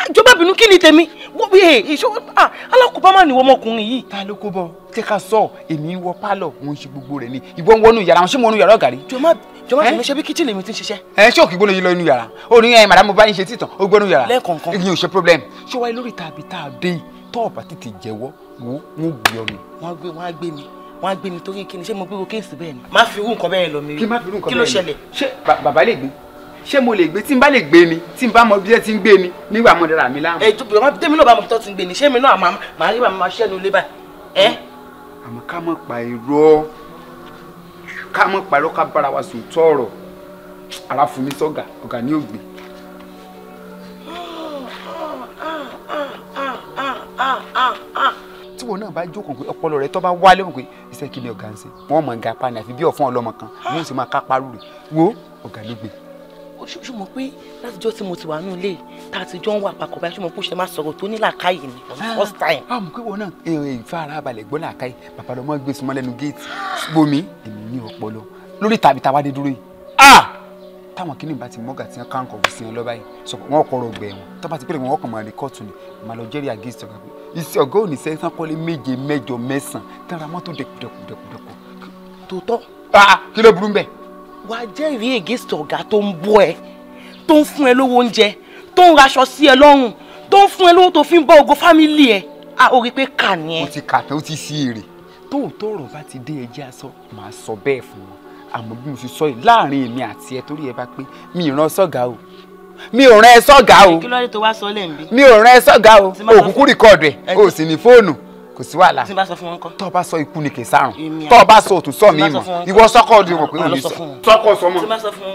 ah, jọ̀ọ́ bínú kí ni tèmi wọ́n ẹ̀ eh, ìṣó ah, alákòóbá má ní ọmọkùnrin yìí. ta ló kó bọ jẹ́ ká sọ èmi wọ pálọ̀ wọn ṣe gbogbo rẹ̀ ni ìbọn wọnú yàrá wọn ṣé mo wọnú yàrá ọ̀gá rí. jọ̀ọ́ jọ̀wọ́ ṣe mi ṣe bí kitchen lèmi ti ń ṣiṣẹ́. ẹ ṣé òkè gbóná yìí lọ inú yàrá ó ní ẹ màdàmú bá yín ṣe títàn ó gbóná yàrá lẹ́ẹ̀kọ̀ọ̀kan ìyẹn ò ṣe problem ṣé wáyé lórí tàbí tá a dé tọ́ọ̀ bá tètè jẹ́wọ́ wo wọn ò gbé ọ ni. wọn á gbé wọn á gbé mi wọn á gbé mi torí kí ni ṣé mo gbé kéèsì bẹ́ẹ̀ ni. má fi irú nǹkan bẹ́ẹ̀ lọ mi rí kí ló ṣẹlẹ̀. ṣé bàbá lè gbé ṣé mo lè gbé tí n bá lè gbé ni tí n bá mọ bí ẹ ti ń gbé ni nígbà mo dára mi láàmú. ẹ tó bẹ̀rẹ̀ tẹ́mi náà bá mọ bí tó ti ń gbé ni ṣé mi náà màá rí màá ṣẹ́nu lébà ẹ. àmọ́ ká mọ̀ pa irọ́ ká mọ̀ pàrọ̀ ká bára wa sùn tọ́ ọ̀rọ̀ ara fún mi sọ́gà ọ̀gá ní ògbé. tí wọn náà bá jókòó pé ọpọlọ rẹ tó bá wálé wọn pé iṣẹ́ kí ni ọ̀gá ń ṣe wọn mọ̀ ń ga pa ni àfi bí ọ̀fọ́n ọlọ́mọ kan wọn sì máa ká parú rẹ̀ wo ọ̀gá ló gbé ṣe mọ̀ pé látijọ́ tí mo ti wà nínú ilé tá a ti jọ ń wà papọ̀ báyìí ṣe mọ̀ pé ṣe máa sọ̀rọ̀ tó ní làákàyè ni for the first time. a pé wọn náà èrè ìfarabalẹ̀ gbọ́ làákàyè bàbá lọ́mọ gbé sùnmọ́ lẹ́nu géètì bomi èmi ní ọpọlọ lórí tàbí tá dé dúró yìí ah! táwọn kìnìún bá ti mọ́gà tí wọ́n kàn kọ̀ sí wọn lọ́ba yìí sọ pé wọ́n kọ̀rọ̀ ọgbẹ̀ wọn tó ti pèrè wọn kàn ah, kí ló burú bẹ́ẹ̀ wà á jẹ́rìí against ọ̀gá tó ń bọ́ ẹ tó ń fún ẹ lówó oúnjẹ tó ń raṣọ sí ẹ lọ́rùn tó ń fún ẹ lówó tó fi ń bọ́ ògo fámìlì ẹ a ò rí i pé kà ni ẹ. o ti kà tán o ti sí èrè tóòtọ́ ọ̀rọ̀ bá ti dé ẹjẹ́ aṣọ màá sọ bẹ́ẹ̀ fún wọn àmọ́ bí mo ṣe sọ yìí láàrin èmi àti ẹ torí ẹ bá pé mi ìran sọ́gà o mi ò rán ẹ sọ́gà o mi ò rán ẹ sọ́gà o òkùnkùn rìkọ́ọ̀dù ẹ o sì ní fóònù kò sí wàhálà tí n bá sọ fún wọn kọ. tọ́ ọ bá sọ ikú ni kì í sárùn tọ́ ọ bá sọ òtún sọ mí mọ̀ ìwọ sọ́kọ̀ ọdún ìwọ̀n pé òní sọ sọ́kọ̀ sọmọ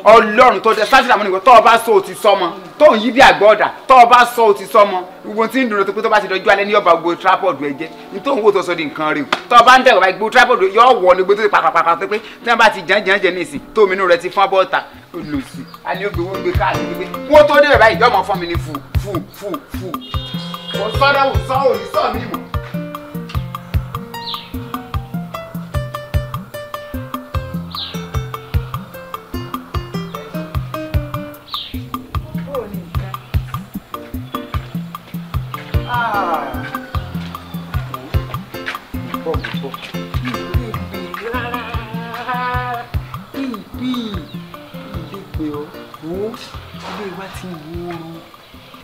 ọlọ́run tó dẹ sátìlá mọ́ nìkan tọ́ ọ bá sọ òtún sọmọ tó ń yí bí àgbọ̀ ọ̀dà tọ́ ọ bá sọ òtún sọmọ gbogbo tí ń dùn tó pé tó bá ti dọjú alẹ́ ní ọba gbogbo tripod ẹ jẹ́ ní tó ń wò tó sọ di nǹkan rẹ̀ tọ́ ọ bá ń dẹ̀rọ̀ báyìí gbogbo tripod yọ wọ̀ ní gbogbo tó ti pàpàpàpà tó pé tí wọ́n bá ti jẹ́ jẹ́ jẹ́ ní ìsìn tó omi inú rẹ̀ ti fọ́n bọ́ta olùsì alẹ́ ògbé wọ́n gbé káàkiri gbé wọ́n tó dé báyìí ìjọ́mọ̀ fún mi ní fù fù fù fù. mo sọ́dọ̀ sọ́ọ̀ ní sọ́ọ̀ mímọ́.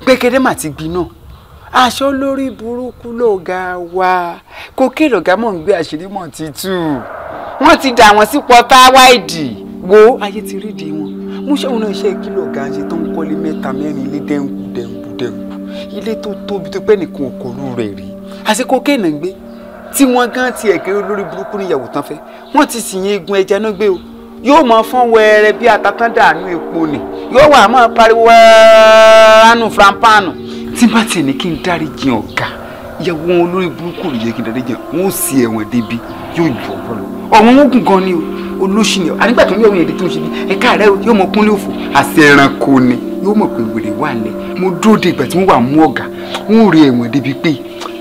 gbẹgẹdẹ mà ti gbiná aṣọ lórí burúkú lọ̀gá wa kókè lọ̀gá mọ̀ ń gbé àṣírí mọ̀ títù wọ́n ti dà wọ́n sí pọ́tà wáìdì wo ayé ti rídìí wọn mú ṣé òun náà ṣe kí lọ̀gá ṣe tó ń kọ́lé mẹ́ta mẹ́rin lé dẹ́nkù dẹ́nkù dẹ́nkù ilé tó tóbi tó pẹ́ nìkan òkòrú rẹ̀ rí àsìkò kéènà ń gbé tí wọ́n gán ti ẹ̀kẹ́ olórí burúkú níyàwó tán fẹ́ wọ́n ti sì yin egun ẹja náà gbé o yóò mọ fọ́n wẹ́ẹ́rẹ́ bí atakán dànù epo nì yóò wà máa pariwo ẹ̀ẹ́ránù frampánù tí bá ti ní kí n dáríjì ọ̀gá ìyàwó wọn olórí burúkú rẹ̀ yẹ kí n dáríjì wọn ò sí ẹ̀wọ̀n débi yóò ju ọ̀pọ̀ lọ ọ̀wọ́n wọn gan ni o olóṣìní ànígbà tó ní ọ̀wọ́n èdè tó ń ṣe bí ẹ̀ka rẹ̀ yóò mọ kúnlé òfò àṣẹ ẹranko ni yóò mọ̀ pé wèrè wà lẹ̀ mo dúró de ìgbà tí wọ́n wà mú ọ̀gá wọ́n rí ẹ̀wọ̀n débi pé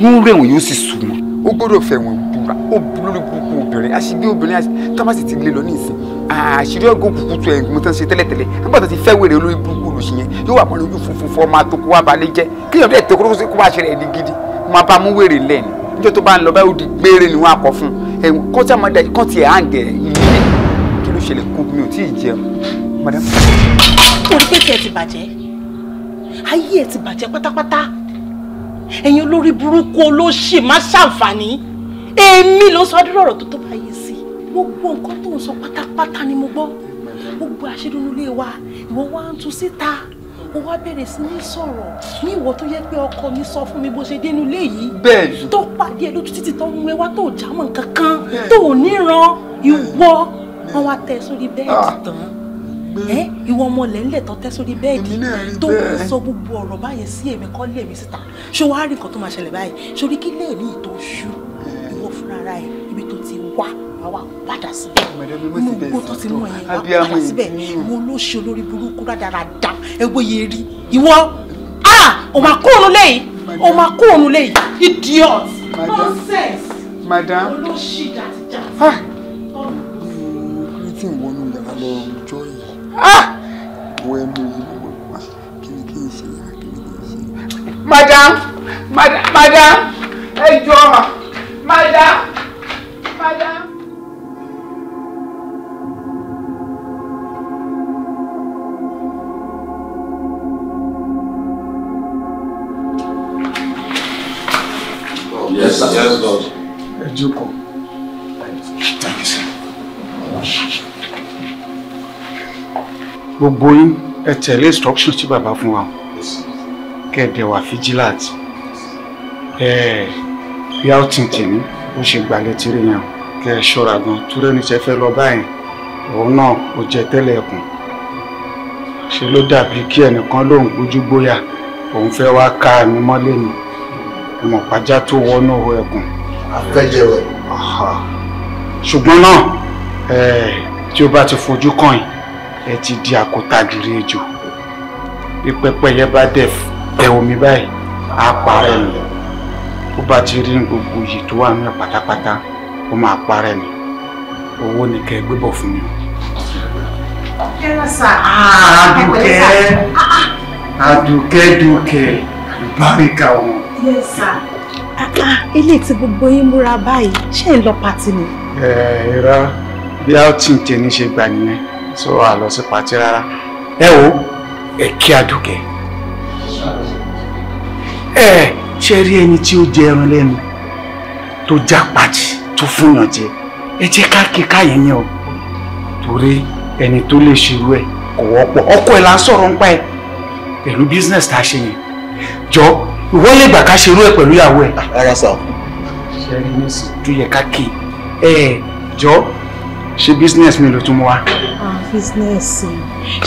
wọ́n rẹ̀wọ̀n yóò sì sùn mọ́. ó gbọ́dọ̀ fẹ̀wọ̀n búra ó lórí gbogbo obìnrin àṣìgbé obìnrin tábàsì ti lè lọ ní ìsìn àṣírí ọgọ òkùnkùn tó ẹgbọn tó ń ṣe tẹ́lẹ̀tẹ́lẹ̀ nígbà tó ti fẹ́ wèrè olórí burúkú lòṣì yẹn yóò wà pọnlẹ ojú funfun fún ọmọ àtòkù wa balẹ̀ jẹ́ kéèyàn dẹ̀ tẹ́ kórókó sí kó bá ṣe rẹ̀ di gidi máa bá mú wèrè lẹ́ni níjọ́ tó bá ń lọ báyìí ó di gbére ni wọ́n á kọ́ fún ẹ̀wọ̀n kọ́ńtà máa dà kọ́ńtì ẹ̀ hàn gẹ̀ẹ́ yìí ṣẹlẹ̀ kú mi ò tí ì jẹun. madam. torí pé tiẹ̀ ti bàjẹ́ ayé ẹ̀ ti bàjẹ́ pátápátá ẹ̀yin olórí burúkú olóṣì má ṣàǹfààní èmi ló sọ adúrò ọ̀rọ̀ tó tó báyìí sí gbogbo nǹkan tó ń sọ pátápátá ni mo gbọ́ gbogbo àṣírí wa ìwọ wá ń tu síta ó wá bẹ̀rẹ̀ sí ní sọ̀rọ̀ ní ìwọ tó yẹ pé ọkọ mi sọ fún mi bó ṣe dénú ilé yìí. bẹ́ẹ̀ni. tó pàdé ẹ lójú títì tó ń mú ẹ wá tó jámọ́ nǹkan kan tó ò níran ìwọ wọ́n wá tẹ́ sórí bẹ́ẹ̀dì ah. tán ìwọ ọmọ lẹ́ńlẹ̀ tán tẹ́ sórí bẹ́ẹ̀dì tó ń sọ gbogbo ọ̀rọ̀ báyẹn sí èmi kọ́ lé mi síta ṣé wàá rí nǹkan tó máa ṣẹlẹ̀ báyìí ṣorí kí lè ní ìtò ṣú ìwọ fúnra ara ẹ̀ ibi tó ti wá àwa padà síbẹ̀ inú gbogbo tó ti mú ẹ̀yìn wá padà síbẹ̀ mo ló ṣe olórí burúkú rádaràda ẹgbẹ́ yẹn rí ìwọ ah o máa kó òun lẹ́yìn o máa kó òun lẹ́yìn idiot nonsense olóṣì jàtijàti. Ah sì ń wọnú yàrá lọ jọ yìí ah! wọ ẹnu yìí lọ wá kí ni kí n ṣe yàrá kí ni kí n ṣe. madam madam ẹ jọ madam madam. Yes, sir. Yes, Lord. Thank you, sir gbogbo yín ẹ tẹ̀lé instruction tí bàbá fún wa kẹ̀dẹ̀ wà vigilant ẹ bí a ó ti tìní ó ṣe gbalẹ̀ tìrì yẹn kẹ ẹ ṣọ́ra gan túrẹ́ ní tẹ́ fẹ́ lọ báyìí òun náà ò jẹ tẹ́lẹ̀ ẹ̀kùn ṣe ló dàbí kí ẹnìkan lòun gbójú gbóyà òun fẹ́ wá ká mi mọ́lé ni ìmọ̀pájá tó wọnú ẹ̀kùn. àfẹ́jẹ̀wẹ̀. ṣùgbọ́n náà tí ó bá ti fojú kàn yín ẹ ti di àkótagìrì ejò bí pẹ́pẹ́yẹ bá dẹ̀ tẹ omi báyìí á parẹ́ nù ó bá ti rí gbogbo iyì tó wà nínú pátápátá ó máa parẹ́ nù owó ni kẹ́ ẹ gbé bọ̀ fún mi. àdùkẹ́ ah, àdùkẹ́ ah, ah. dùkẹ́ ìbáríkà wọn. ilé tí gbogbo yín múra báyìí ṣé ń lọ pàtì ni. ẹ̀ẹ́dá eh, bí a ó tì ń tẹ̀ ní ṣe gbà nìyẹn so a lọ sí pàtí rárá ẹ wo ẹ kí Àdùkẹ́ ẹ ṣe rí ẹni tí ó jẹ ẹran lẹ́nu tó já pàtì tó fúnyàn jẹ ẹ jẹ́ ká kí káyé yẹn o torí ẹni tó lè ṣerú ẹ kò wọ́pọ̀ ọkọ ẹ̀ là ń sọ̀rọ̀ ń pa ẹ pẹ̀lú business tá a ṣe yẹn jọ ìwọ lè gbà ká ṣerú ẹ pẹ̀lú ìyàwó ẹ. rárá sá. ṣe rí ní sì tó yẹ ká ẹ jọ ṣe business mi ló tún mú wa bísínẹ́sì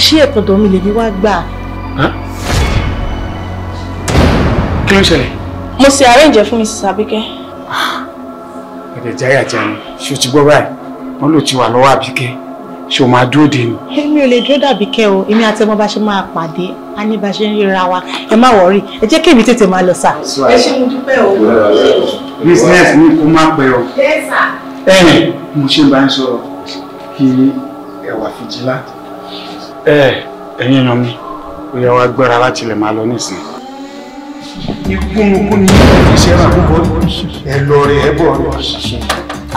ṣé ẹ̀kọ́ tó mi lè ní wá gbà. kí ló ń ṣẹlẹ̀. mo ṣe àrẹ́ǹjẹ fún mi sísá bíkẹ́. jáyà já ni ṣé o ti gbọ́ báyìí wọ́n lò ti wà lọ́wọ́ àbíkẹ́ ṣé o máa dúró dè ní. èmi ò lè dúró dàbí kẹ́ o èmi àti ọmọ bá ṣe máa pàdé a ní bá ṣe ń ríra wa ẹ má wọrí ẹ jẹ́ kébi tètè máa lọ sà. ẹ ṣe mo dúpẹ́ o. business ni kó má pẹ́ o. ẹ mo ṣe bá ń sọ̀rọ̀ kí ẹwà fìjìláńtì. ẹ ẹ̀yin yan mi ó yẹ wá gbéra láti lè máa lọ nísìn. ikúnukún ni ìṣe ra púpọ̀ ẹ lọ rẹ ẹ bọ̀ rẹ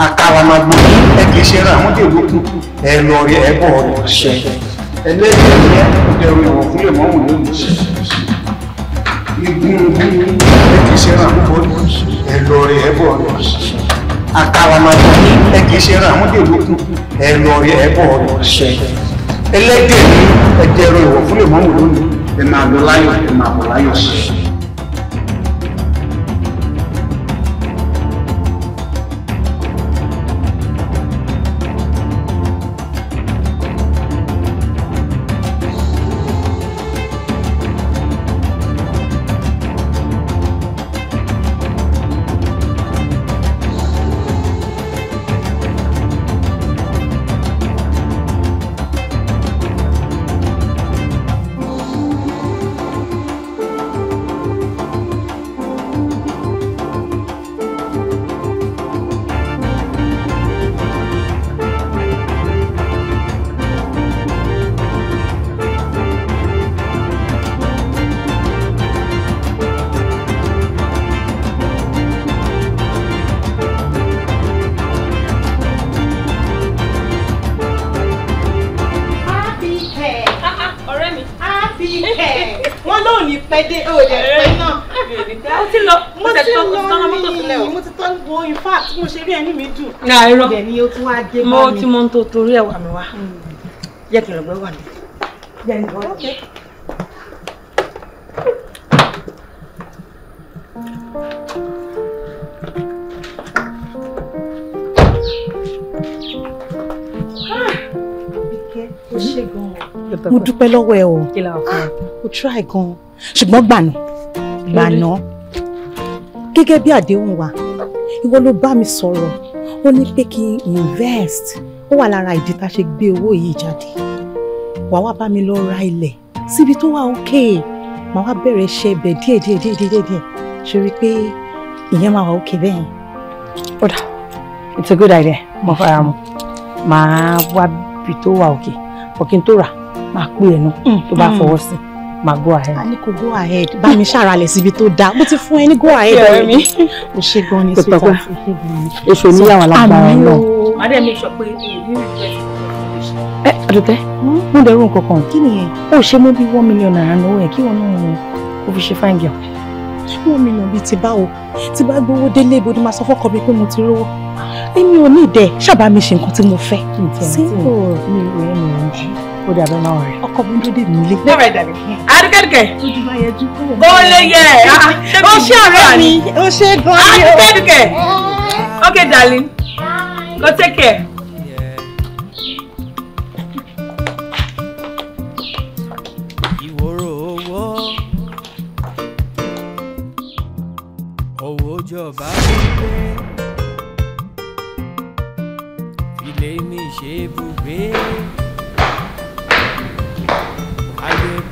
akaramagbó ẹ kì í ṣe ra àwọn dèrò kù ẹ lọ rẹ ẹ bọ̀ rẹ ṣẹ ẹlẹ́yìn ẹ̀yẹ ẹ̀rù ìwọ̀n fúnlẹ̀ mọ́wùn lónìí ikúnukún ni ẹ kì ṣe ra púpọ̀ ẹ lọ rẹ ẹ bọ̀ rẹ ṣẹ àkàràmàgbà ní ẹ kì í ṣe ra àwọn dèrò kù ẹ lọ rí ẹ bọ̀ ọ̀rọ̀ ṣẹ ẹlẹ́dẹ̀ẹ́ ẹ jẹ́ ẹ̀rọ ìwọ̀ fún lè mọ́mù lónìí ẹ máa lọ láyọ̀ ẹ máa bọ̀ láyọ̀ sí irọ́ mo ti mọ tó torí ẹ̀wà mi wá jẹ́ kí n lọ gbé wà mí. mo dúpẹ́ lọ́wọ́ ẹ o o try gan ṣùgbọ́n gbànà gbànà gẹ́gẹ́ bí àdéhùn wa ìwọ ló bá mi sọ̀rọ̀ ó ní pé kí invest ó wà lára ìdí tá a ṣe gbé owó yìí jáde wàá wá bá mi lọ ra ilẹ̀ síbi tó wà òkè màá wá bẹ̀rẹ̀ iṣẹ́ ibẹ̀ díẹ̀ díẹ̀ díẹ̀ díẹ̀ díẹ̀ ṣe rí pé ìyẹn máa wà òkè bẹ́ẹ̀. ọ̀dà it's a good idea mo fara mu màá wá bí tó wà òkè ọ̀kí n tó rà máa pè é nu mm, tó bá mm. fọwọ́ sí i ma go ahead. a ní kò go ahead bá mi ṣàralẹ̀ síbi tó dáa mo ti fún ẹ ní go ahead ọ̀rẹ́ mi. o ṣe gan ni sweet and o ṣe gan ni. èso ní àwọn alágbára náà. màdé mi sọ pé èmi ò ní ẹ àdùkẹ́ hmm? mo dẹrù nǹkan kan kí nìyẹn ó ṣe mú bí one million naira náwó ẹ kí wọn náà wọn ò fi ṣe fine girl. one million bíi ti báwo ti bá gbowó délé ibo ni màá sọ fọkàn mi pé mo ti rówó èmi ò ní ìdẹ ṣàbámi ṣe nǹkan tí mo fẹ́. simple mi ò ẹ mi ò ń jí ó dàbẹ máa wà rẹ ọkọ mi ló dé mi ilé. bẹ́ẹ̀ bẹ́ẹ̀ dàbí adúkẹ́dùkẹ́. tójú bá yẹ dúkú. Ah, ó ṣe ọ̀rẹ́ mi ó ṣe gan-an ni o. okay darling go take care. ìjọba gbígbé ilé mi ṣe bùgbé.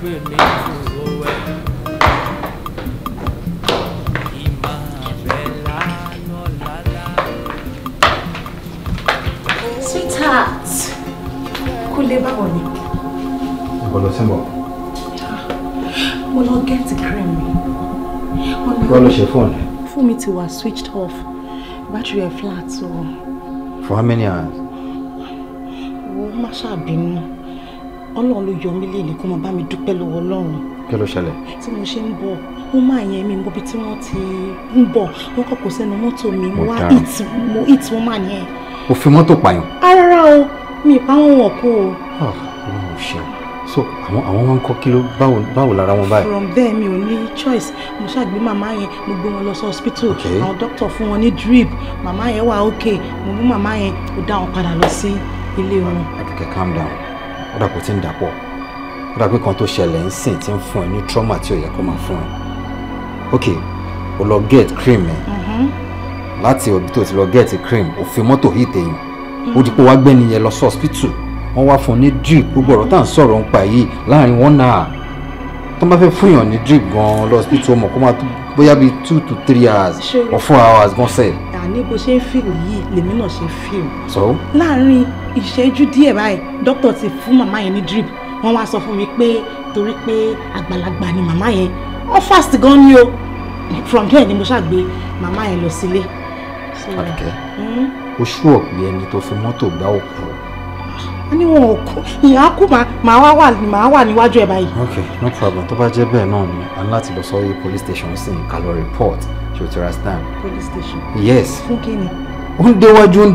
pè mí fún owó ẹ̀. sweetheart kò lè báwo ni. ìbọn lọ sí mọ. mo lọ gẹ́ẹ̀tì cream mi. wọ́n phone. Phone fóònù. fún mi switched off battery flat so. for how many hours. wo má ṣàbínú ọlọ́run ló yọ mí léèlé kó máa bá mi dúpẹ́ lọ́wọ́ ọlọ́run. kí ló ṣẹlẹ̀. tí mo ṣe ń bọ̀ wọ́n máa yẹn mi mọ́bi tí wọ́n ti ń bọ̀ wọ́n kọ̀ kó sẹ́nu mọ́tò mi wá ìtì mo ìtì wọ́n máa yẹn. o fi mọ́tò pààyàn. Ah, rárá o mi ì pa wọn wọ̀ kó o. Ah, ọlọ́run ò ṣe so àwọn àwọn wọn ń kọ́ kí ló báwo báwo lára wọn báyìí. from there mi ò ní choice mo ṣàgbé màmá yẹn mo gbé wọn lọ sí hospital àwọn doctor fún wọn ní drip màmá yẹn wà okay mo mú màmá yẹn mo dá wọn padà lọ sí ilé wọn. akẹ́kẹ́ calm down ó dàpọ̀ tí ń dàpọ̀ ó dàpẹ́ kan tó ṣẹlẹ̀ ń sìn tí ń fún ẹ ní trauma tí ò yẹ kó máa fún ẹ ok o lọ get cream ẹ mm-hmm. láti òbí tó ti lọ get cream o fi mọ́tò hit èèyàn mm-hmm. ó di pé wàá gbé nìyẹn lọ sí hospital wọ́n wá fún un ní drip gbogbo ọ̀rọ̀ tá à ń sọ̀rọ̀ ń pa yìí láàrin one hour tó bá fẹ́ fún yàn ní drip gan-an lọ ọmọ kó máa bóyá bíi two to three hours or four hours gan sẹ́ẹ̀ ní bó ṣe ń fìlù yìí lèmi náà ṣe fìlù. so. láàárín ìṣẹ́jú díẹ̀ báyìí dókítà ti fún màmá yẹn ní drip wọ́n wá sọ fún mi pé torí pé àgbàlagbà ni màmá yẹn wọ́n fast gan ni o from there ni mo ṣàgbé màmá yẹn lọ sílé. àbíkẹ́ hmm? o ṣú ọ̀pẹ ẹni tó fi mọ́tò gbá òkú. a ní wọn ò kú ìyá kú màá wá wà màá wà níwájú ẹ báyìí. ok no problem tó bá jẹ́ bẹ́ẹ̀ náà ni a ní láti lọ sọ́rí police station sí ká lọ report ṣe o police station. yes. fún kí ni. ń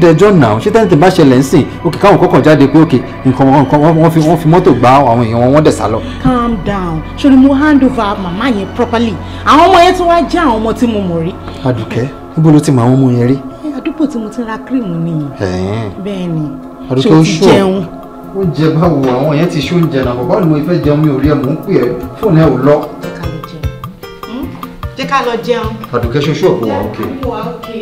dẹjọ́ náà ṣé tẹ́lẹ̀ tí bá ṣẹlẹ̀ ń sìn òkè káwọn kọ́kọ́ jáde pé òkè nǹkan wọ́n fi wọ́n fi mọ́tò gba àwọn èèyàn wọn dẹ̀ sá lọ. calm down ṣòro mo hand over màmá yẹn properly àwọn ọmọ yẹn tí wàá jẹ́ àwọn ọmọ tí mo mọ̀ rí. adùkẹ́ níbo ló ti mọ àwọn ọmọ yẹn rí. àdúgbò tí mo ti ra kírìmù nìyí. bẹ́ẹ̀ ni o ti jẹun oúnjẹ báwo àwọn yẹn ti ṣe ká lọ jẹun. àdùkẹ́ ṣoṣo òkú wa òkè. òkú wa òkè.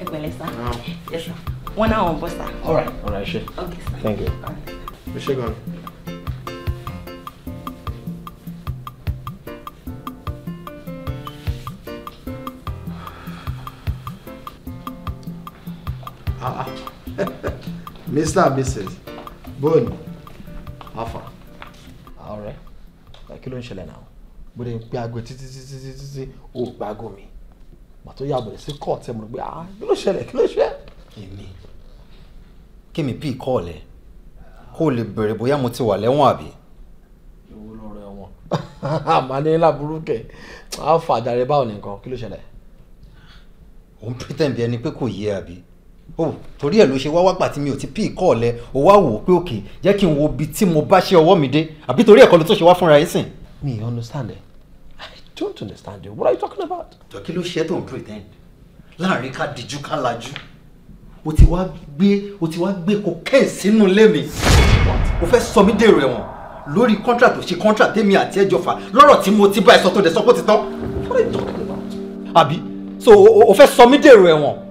ẹ pẹ̀lẹ́ sá wọn sá. all right all right ṣe. okay sir. thank you. ṣe gan-an. Mr. and Mrs. Bone afa. ọ̀rẹ́ kí ló ń ṣẹlẹ̀ náà bó de ń pe aago títí títí títí ó gba aago mi màtó yà bẹ̀rẹ̀ mo rò pé ah kí ló ṣẹlẹ̀ kí ló ṣẹ. èmi kémi pí kọ́ọ̀lù ẹ̀ kó o lè bèrè bóyá mo ti wà lẹ́wọ̀n àbí. ìwo lọrọ ẹ̀wọ̀n. àmà ní láburú kẹ á fà jàre báwọn nìkan kí ló pretend bí ẹni pé kò yé àbí o torí ẹ ló ṣe wá wágbà tí mi ò ti pí ìkọ́ ọ̀lẹ́ o wá wò ó pé òkè jẹ́ kí n wo ibi tí mo bá ṣe ọwọ́ mi dé àbí torí ẹ̀kọ́ ló tó ṣe wá fúnra yín sìn. mi ò understand ẹ i don't understand you what are you talking about. jọ kí ló ṣe tó ń pretend láàrin ká dijú ká lajú o ti wá gbé o ti wá gbé cocaine sínú ilé mi o fẹ́ sọ mí dèrò ẹ̀wọ̀n lórí contract òṣì contract tèmi àti ẹjọ́ fà lọ́rọ̀ tí mo ti bá ẹ sọ tó dẹ̀ sọ pé ó ti tán. what are you talking about. àbí so o fẹ́ sọ mí dèrò ẹ̀wọ̀n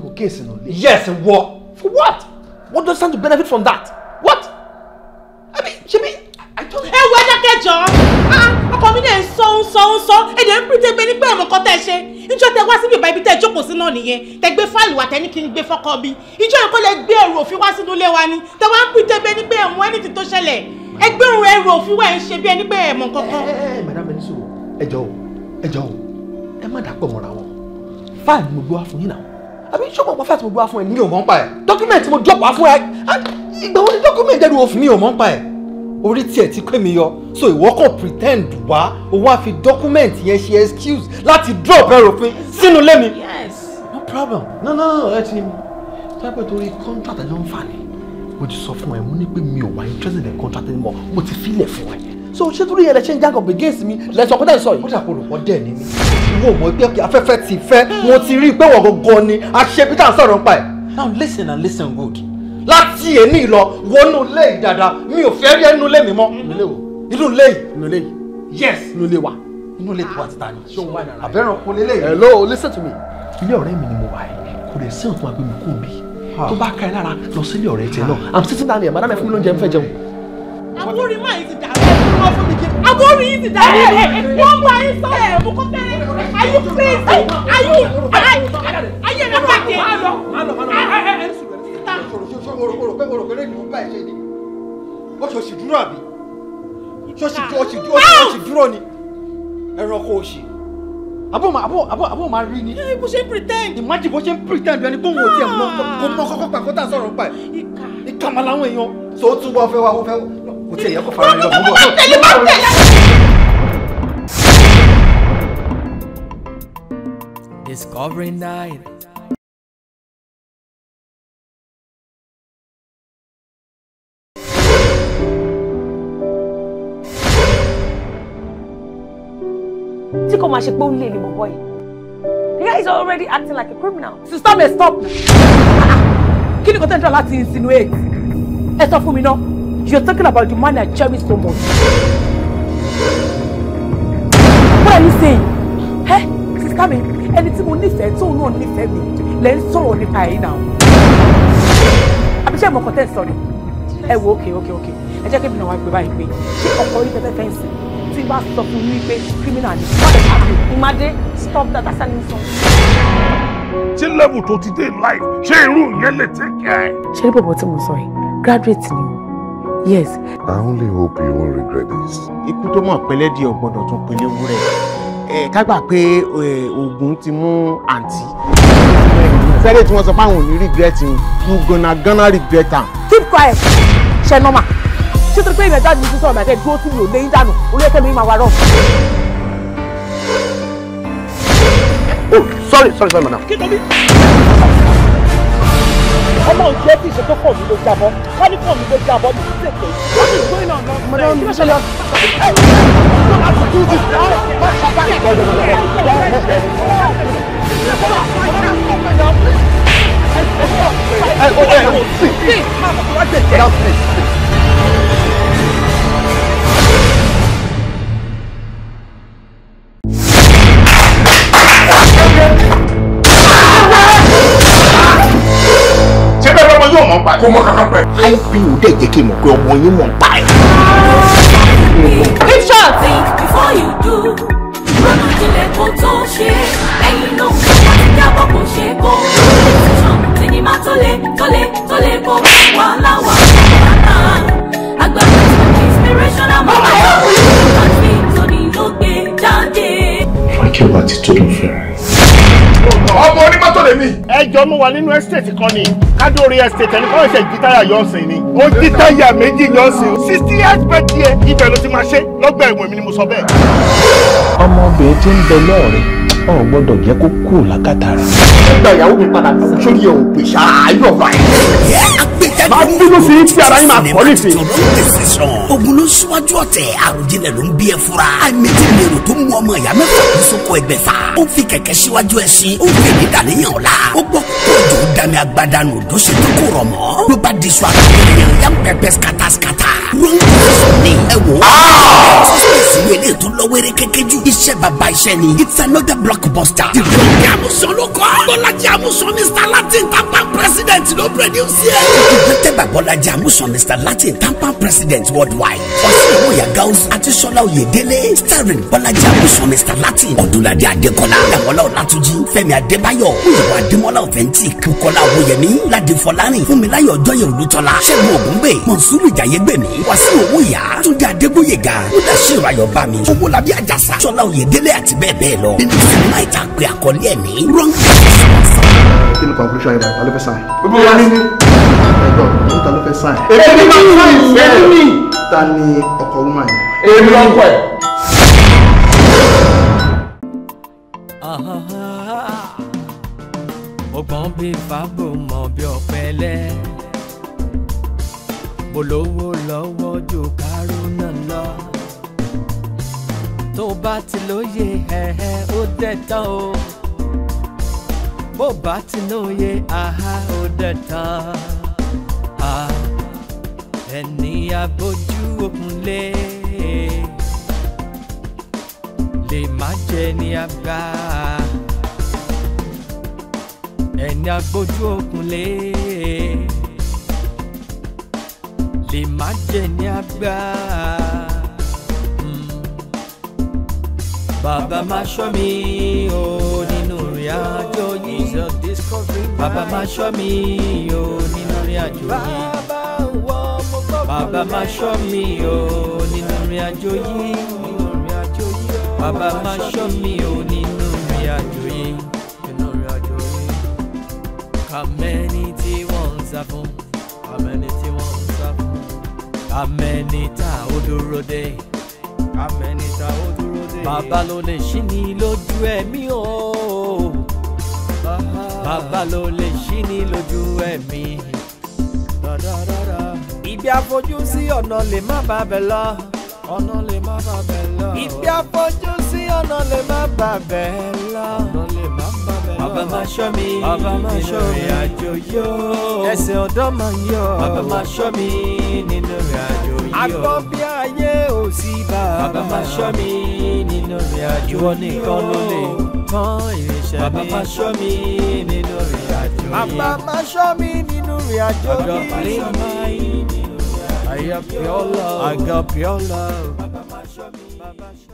pé kò kíyèsí nù lé. yes wọ for what what do you stand to benefit from that what i mean ṣebi i don't. ẹ wo ẹjẹ kẹjọ ah, ọkọ mi náà ń sọ ń sọ ń sọ èdè ń pín tẹgbẹ nígbà ẹmọ kan tẹ ṣe níjọ́ tẹ wá síbi ìbá ibi tẹ jókòó sí náà nìyẹn tẹ gbé fáìlì wà tẹni kí n gbé fọkọ mi ìjọ́ yẹn kọ́ lẹ gbé ẹrù òfin wá sínú ilé wa ni tẹ wá ń pín tẹgbẹ nígbà ẹmọ ẹni tí tó ṣẹlẹ̀ ẹgbẹ́ òun ẹrù òfin wà ń ṣe bí ẹni pé ẹmọ kankan. ẹ ẹ madam ẹni ẹjọ o ẹjọ o ẹ má dàpọ̀ mọ́ra wọn fáìlì mo gbé fún yín náà àbí ṣọ́pọ̀ pọ̀ fẹ́ẹ̀tì mo gbọ́ fún ẹ. mi ò mọ̀ ń pa ẹ̀. dọ́kúmẹ̀ntì mo drop wá fún ẹ ìgbà wo ni dọ́kúmẹ̀ntì ẹ̀rù òfin mi ò mọ̀ ń pa ẹ̀. orí tiẹ̀ ti pé mi yọ so ìwọ kàn pretend wá o wá fi dọ́kúmẹ̀ntì yẹn ṣe excuse láti drop ẹ̀rù òfin sínú ilé mi. no problem no no no ẹ ti tẹ́pẹ́ torí contract ẹ̀ ló ń fà ní mo ti sọ fún ẹ mo ní pé mi ò wá interested in contract anymore mo ti fílẹ̀ fún ẹ so ṣé torí yẹn lẹ ṣe ń jack up against mi lẹsọ kọjá ìsọ yìí. ó dàpọ̀ olùkọ́ dẹ̀ ni mí ìwọ mọ̀ pé afẹ́fẹ́ ti fẹ́ mo ti rí i pé wọ́n gangan ni aṣebítà ń sọ̀rọ̀ nípa ẹ̀. now listen and listen good láti èní lọ wọnú ilé ìdàdà mi ò fẹ́ rí ẹnu ilé mi mọ́. inú ilé wo inú ilé yìí. inú ilé yìí. yes inú ilé wa. inú ilé tiwa ti ta ni. ṣé o wà nàrà. àbẹ̀rẹ̀ ọkọ lélẹ̀ yìí. hello listen to me. ilé ọ̀rẹ́ mi ni mo wà yìí kò lè sí òtún agbègbè kò bí. tó bá ka ẹ lára i'm sitting down here madam ẹ fún mi lóúnjẹ ń fẹ́ jẹun. àbúrò máa ń ti dàrú àbórí yìí ti dàbí ẹ wọ́n mú ayé sọ́ọ̀ ẹ̀ mú kọ́tẹ́rẹ́ are you crazy are you ayé rẹ̀ bàjẹ́. oṣooṣì dúró àbí oṣooṣì dúró ni ẹranko oṣì abo ma abo abo abo ma rí ni. ẹ bó ṣe ń pretend. imagine bó ṣe ń pretend ẹni ah. kó ń wo tiẹ̀ mọ́ kó mọ́ kọ́kọ́ pa kó tà sọ̀rọ̀ pa ẹ̀. ìkà ìkà màláwọn èèyàn. so ó túbọ̀ fẹ́ wa ó fẹ́ kò tí Discovering night. tí kò máa ṣe pé The guy is already acting like a criminal. So stop and stop. Ah, ah. Kí ni kò tẹ́ ń dọ̀ láti insinuate? Ẹ sọ fún mi You're talking about the man I cherish so much. What are you saying? Ẹ sista mi, ẹni tí mo nífẹ̀ẹ́ tóun náà nífẹ̀ẹ́ mi lẹ́ ń sọ̀rọ̀ nípa ẹ̀yìn náà. Àbíṣẹ́ ìmọ̀kàn tẹ̀ ń sọ ni. Ẹ wo okay okay I just jẹ́ kébìnrin àwọn àgbẹ̀ báyìí pé ṣé ọkọ̀ orí tẹ́tẹ́ fẹ́ǹsì tí bá sọ fún mi pé criminal ni. Ìmàdé stop that that's an insult. Ṣé level to today dé life ṣé irú ìyẹn lè take care? Ṣé bọ̀bọ̀ tí mo sọ yìí, graduate ni o. Yes. I only hope you won't regret this. Ikú tó mọ̀ pẹ́lẹ́ di ọ̀gbọ́dọ̀ tún pélé wúrẹ́. Ẹ ká gbà pé oògùn ti mú àǹtí. Sẹ́lẹ̀ tí wọ́n sọ fáwọn ò regret him, you gonna gonna regret am. Keep quiet, ṣe normal. Ṣé torí pé ìbẹ̀ jáde ní sísọ̀rọ̀ bàtẹ́ dúró tí mi ò lé yín dànù, olóyèké mi máa wà rọ̀. Oh, sorry, sorry, sorry, madam. Kí ló dé? ọmọ òjò tí ìṣẹ́ tó kọ̀ ló jábọ́ wọ́n ní kọ̀ mí ló jábọ́ ní gbóyè náà lọ́wọ́ kó mọ́ kankan pẹ̀. àìpé ò dẹ̀ jẹ́ kí n mọ̀ pé ọmọ yín mọ̀ ń pa ẹ̀. keep short. before you do ronú jinlẹ̀ kó tó ṣe ẹ̀yin ló ń bá ti dábọ̀ kó ṣe kó ẹni máa tó lé tó lé tó lé kó wàhálà wà bàtà agbára inspirational mọ̀ ọ́ àti tóní ló gbé jáde. fákẹ́ wa ti tó lọ fẹ́ràn ọmọ onímọ́tò lèmi. ẹ jọ mú wa nínú estate kan ni kádórí estate ẹni kọ́ ẹ̀ṣẹ̀ jítáyà yọ ọ̀sìn ni. ó jítáyà méjì yọ ọ̀sìn. sixty years pé díẹ̀ ibẹ̀ ló ti máa ṣe lọ́gbà ẹ̀wọ̀n mi ni mo sọ bẹ́ẹ̀. ọmọbìnrin tí ń bẹ lọ́ọ̀rẹ́ ò gbọ́dọ̀ jẹ́ kó kú làkàtà rẹ̀. nígbà ìyàwó mi padà sórí ẹ̀ òpè ṣááyọ̀ báyìí máa bínú sí tí ara yín máa kọ́ nìsín. ogun ló ń ọ̀tẹ̀ àròjinlẹ̀ ló ń bí ẹ fura. àìmẹtí lèrò tó mú ọmọ ìyá mẹ́fà kó sóko ẹgbẹ̀fà. ó fi kẹ̀kẹ́ síwájú ẹṣin ó fi èdè dàníyàn ọ̀la. ó gbọ́ kó jò ó dami agbada nù ló tó kó rọ̀ mọ́. ló bá di sọ àgbẹ̀yàn yá pẹ́pẹ́ skata skata. Rọ́ńkẹ́sọ̀ ní ẹ̀wọ̀. Ṣé ìsìnkú ilé tó lọ jù? Iṣẹ́ bàbá iṣẹ́ ni. It's another blockbuster. Ìrọ̀lẹ́ Amusan ló kọ́. Bọ́lájí Amusan Mr. Latin Tampa President ló produce ẹ̀. Ìgbésẹ̀ Bàbọ́lájí Amusan Mr. Latin Tampa President worldwide. Ọ̀sìn ìwòyà Gauss àti Ṣọlá Oyèdélé. Starring Bọ́lájí Amusan Mr. Latin. Ọ̀dúnladé Adékọ́lá. Dàmọ́lá Ọlátúnjí. Fẹ́mi Adébáyọ̀. Ìyàwó Adémọ́lá Ọ̀fẹ́ntì wàsíù owó yá túndé adégbòyega mudasiru ayọ̀bámi owó labí àjàsà sọlá oyèdélé àti bẹ́ẹ̀ bẹ́ẹ̀ lọ nínú sinimá ìta pé àkọlé ẹ̀ ní wrong ni conclusion yẹn báyìí ta ló fẹ́ sáyìn. gbogbo wa ni mi. ẹgbẹ́ ọ̀hún ta ló fẹ́ sáyìn. èmi máa ń sáyìn sẹ́yìn mi. ta ni ọkọ wúmà yẹn. èmi ló ń kọ ẹ. ọgbọ́n bíi fábùmọ̀ bí ọ̀pẹ̀lẹ̀ bó lówó lọ́wọ́ jù kárò náà lọ. tó bá ti lóye ẹ̀ẹ́ ó dẹ̀ tán o bó bá ti lóye àhá ó dẹ̀ tán. ẹni abójú òkun lé lè má jẹ ní àgbà ẹni abójú òkun lé lè má jẹ ní àgbà. Hmm. Bàbá máa ṣọ́ mi o nínú ìrìn àjò yìí. Bàbá máa ṣọ́ mi o nínú ìrìn àjò yìí. Bàbá máa ṣọ́ mi o nínú ìrìn àjò yìí. Bàbá máa ṣọ́ mi o nínú ìrìn àjò yìí. Kà tí wọ́n ń sá fún kàmẹ́nìtà ó dúró dé Baba ó dúró dé ló lè ṣí ni lójú ẹ̀mí o Baba ló lè ṣí ni lójú ẹ̀mí ibi àfojú sí ọ̀nà lè má bàa bẹ̀ lọ ọ̀nà lè má bàa bẹ̀ lọ ibi àfojú sí ọ̀nà lè má bàa bẹ̀ lọ ọ̀nà lè má bàa. Baba máa ṣọ́ mi bàbá máa ṣọ́ mi nínú ìrìn àjò yóò ẹsẹ̀ ọ̀dọ́ máa ń yọ bàbá máa ṣọ́ mi nínú ìrìn àjò yóò agbọ́ bí ayé ò sí bàbá bàbá máa ṣọ́ mi nínú ìrìn àjò yóò nìkan ló lè tán ìrìnsẹ̀ mi bàbá máa ṣọ́ mi nínú ìrìn àjò yóò bàbá máa ṣọ́ mi nínú ìrìn àjò yóò ọ̀dọ́ pàdé máa yí nínú ìrìn àjò yóò àgàpíọ́lá àgàpíọ́lá bàbá máa ṣọ́ mi.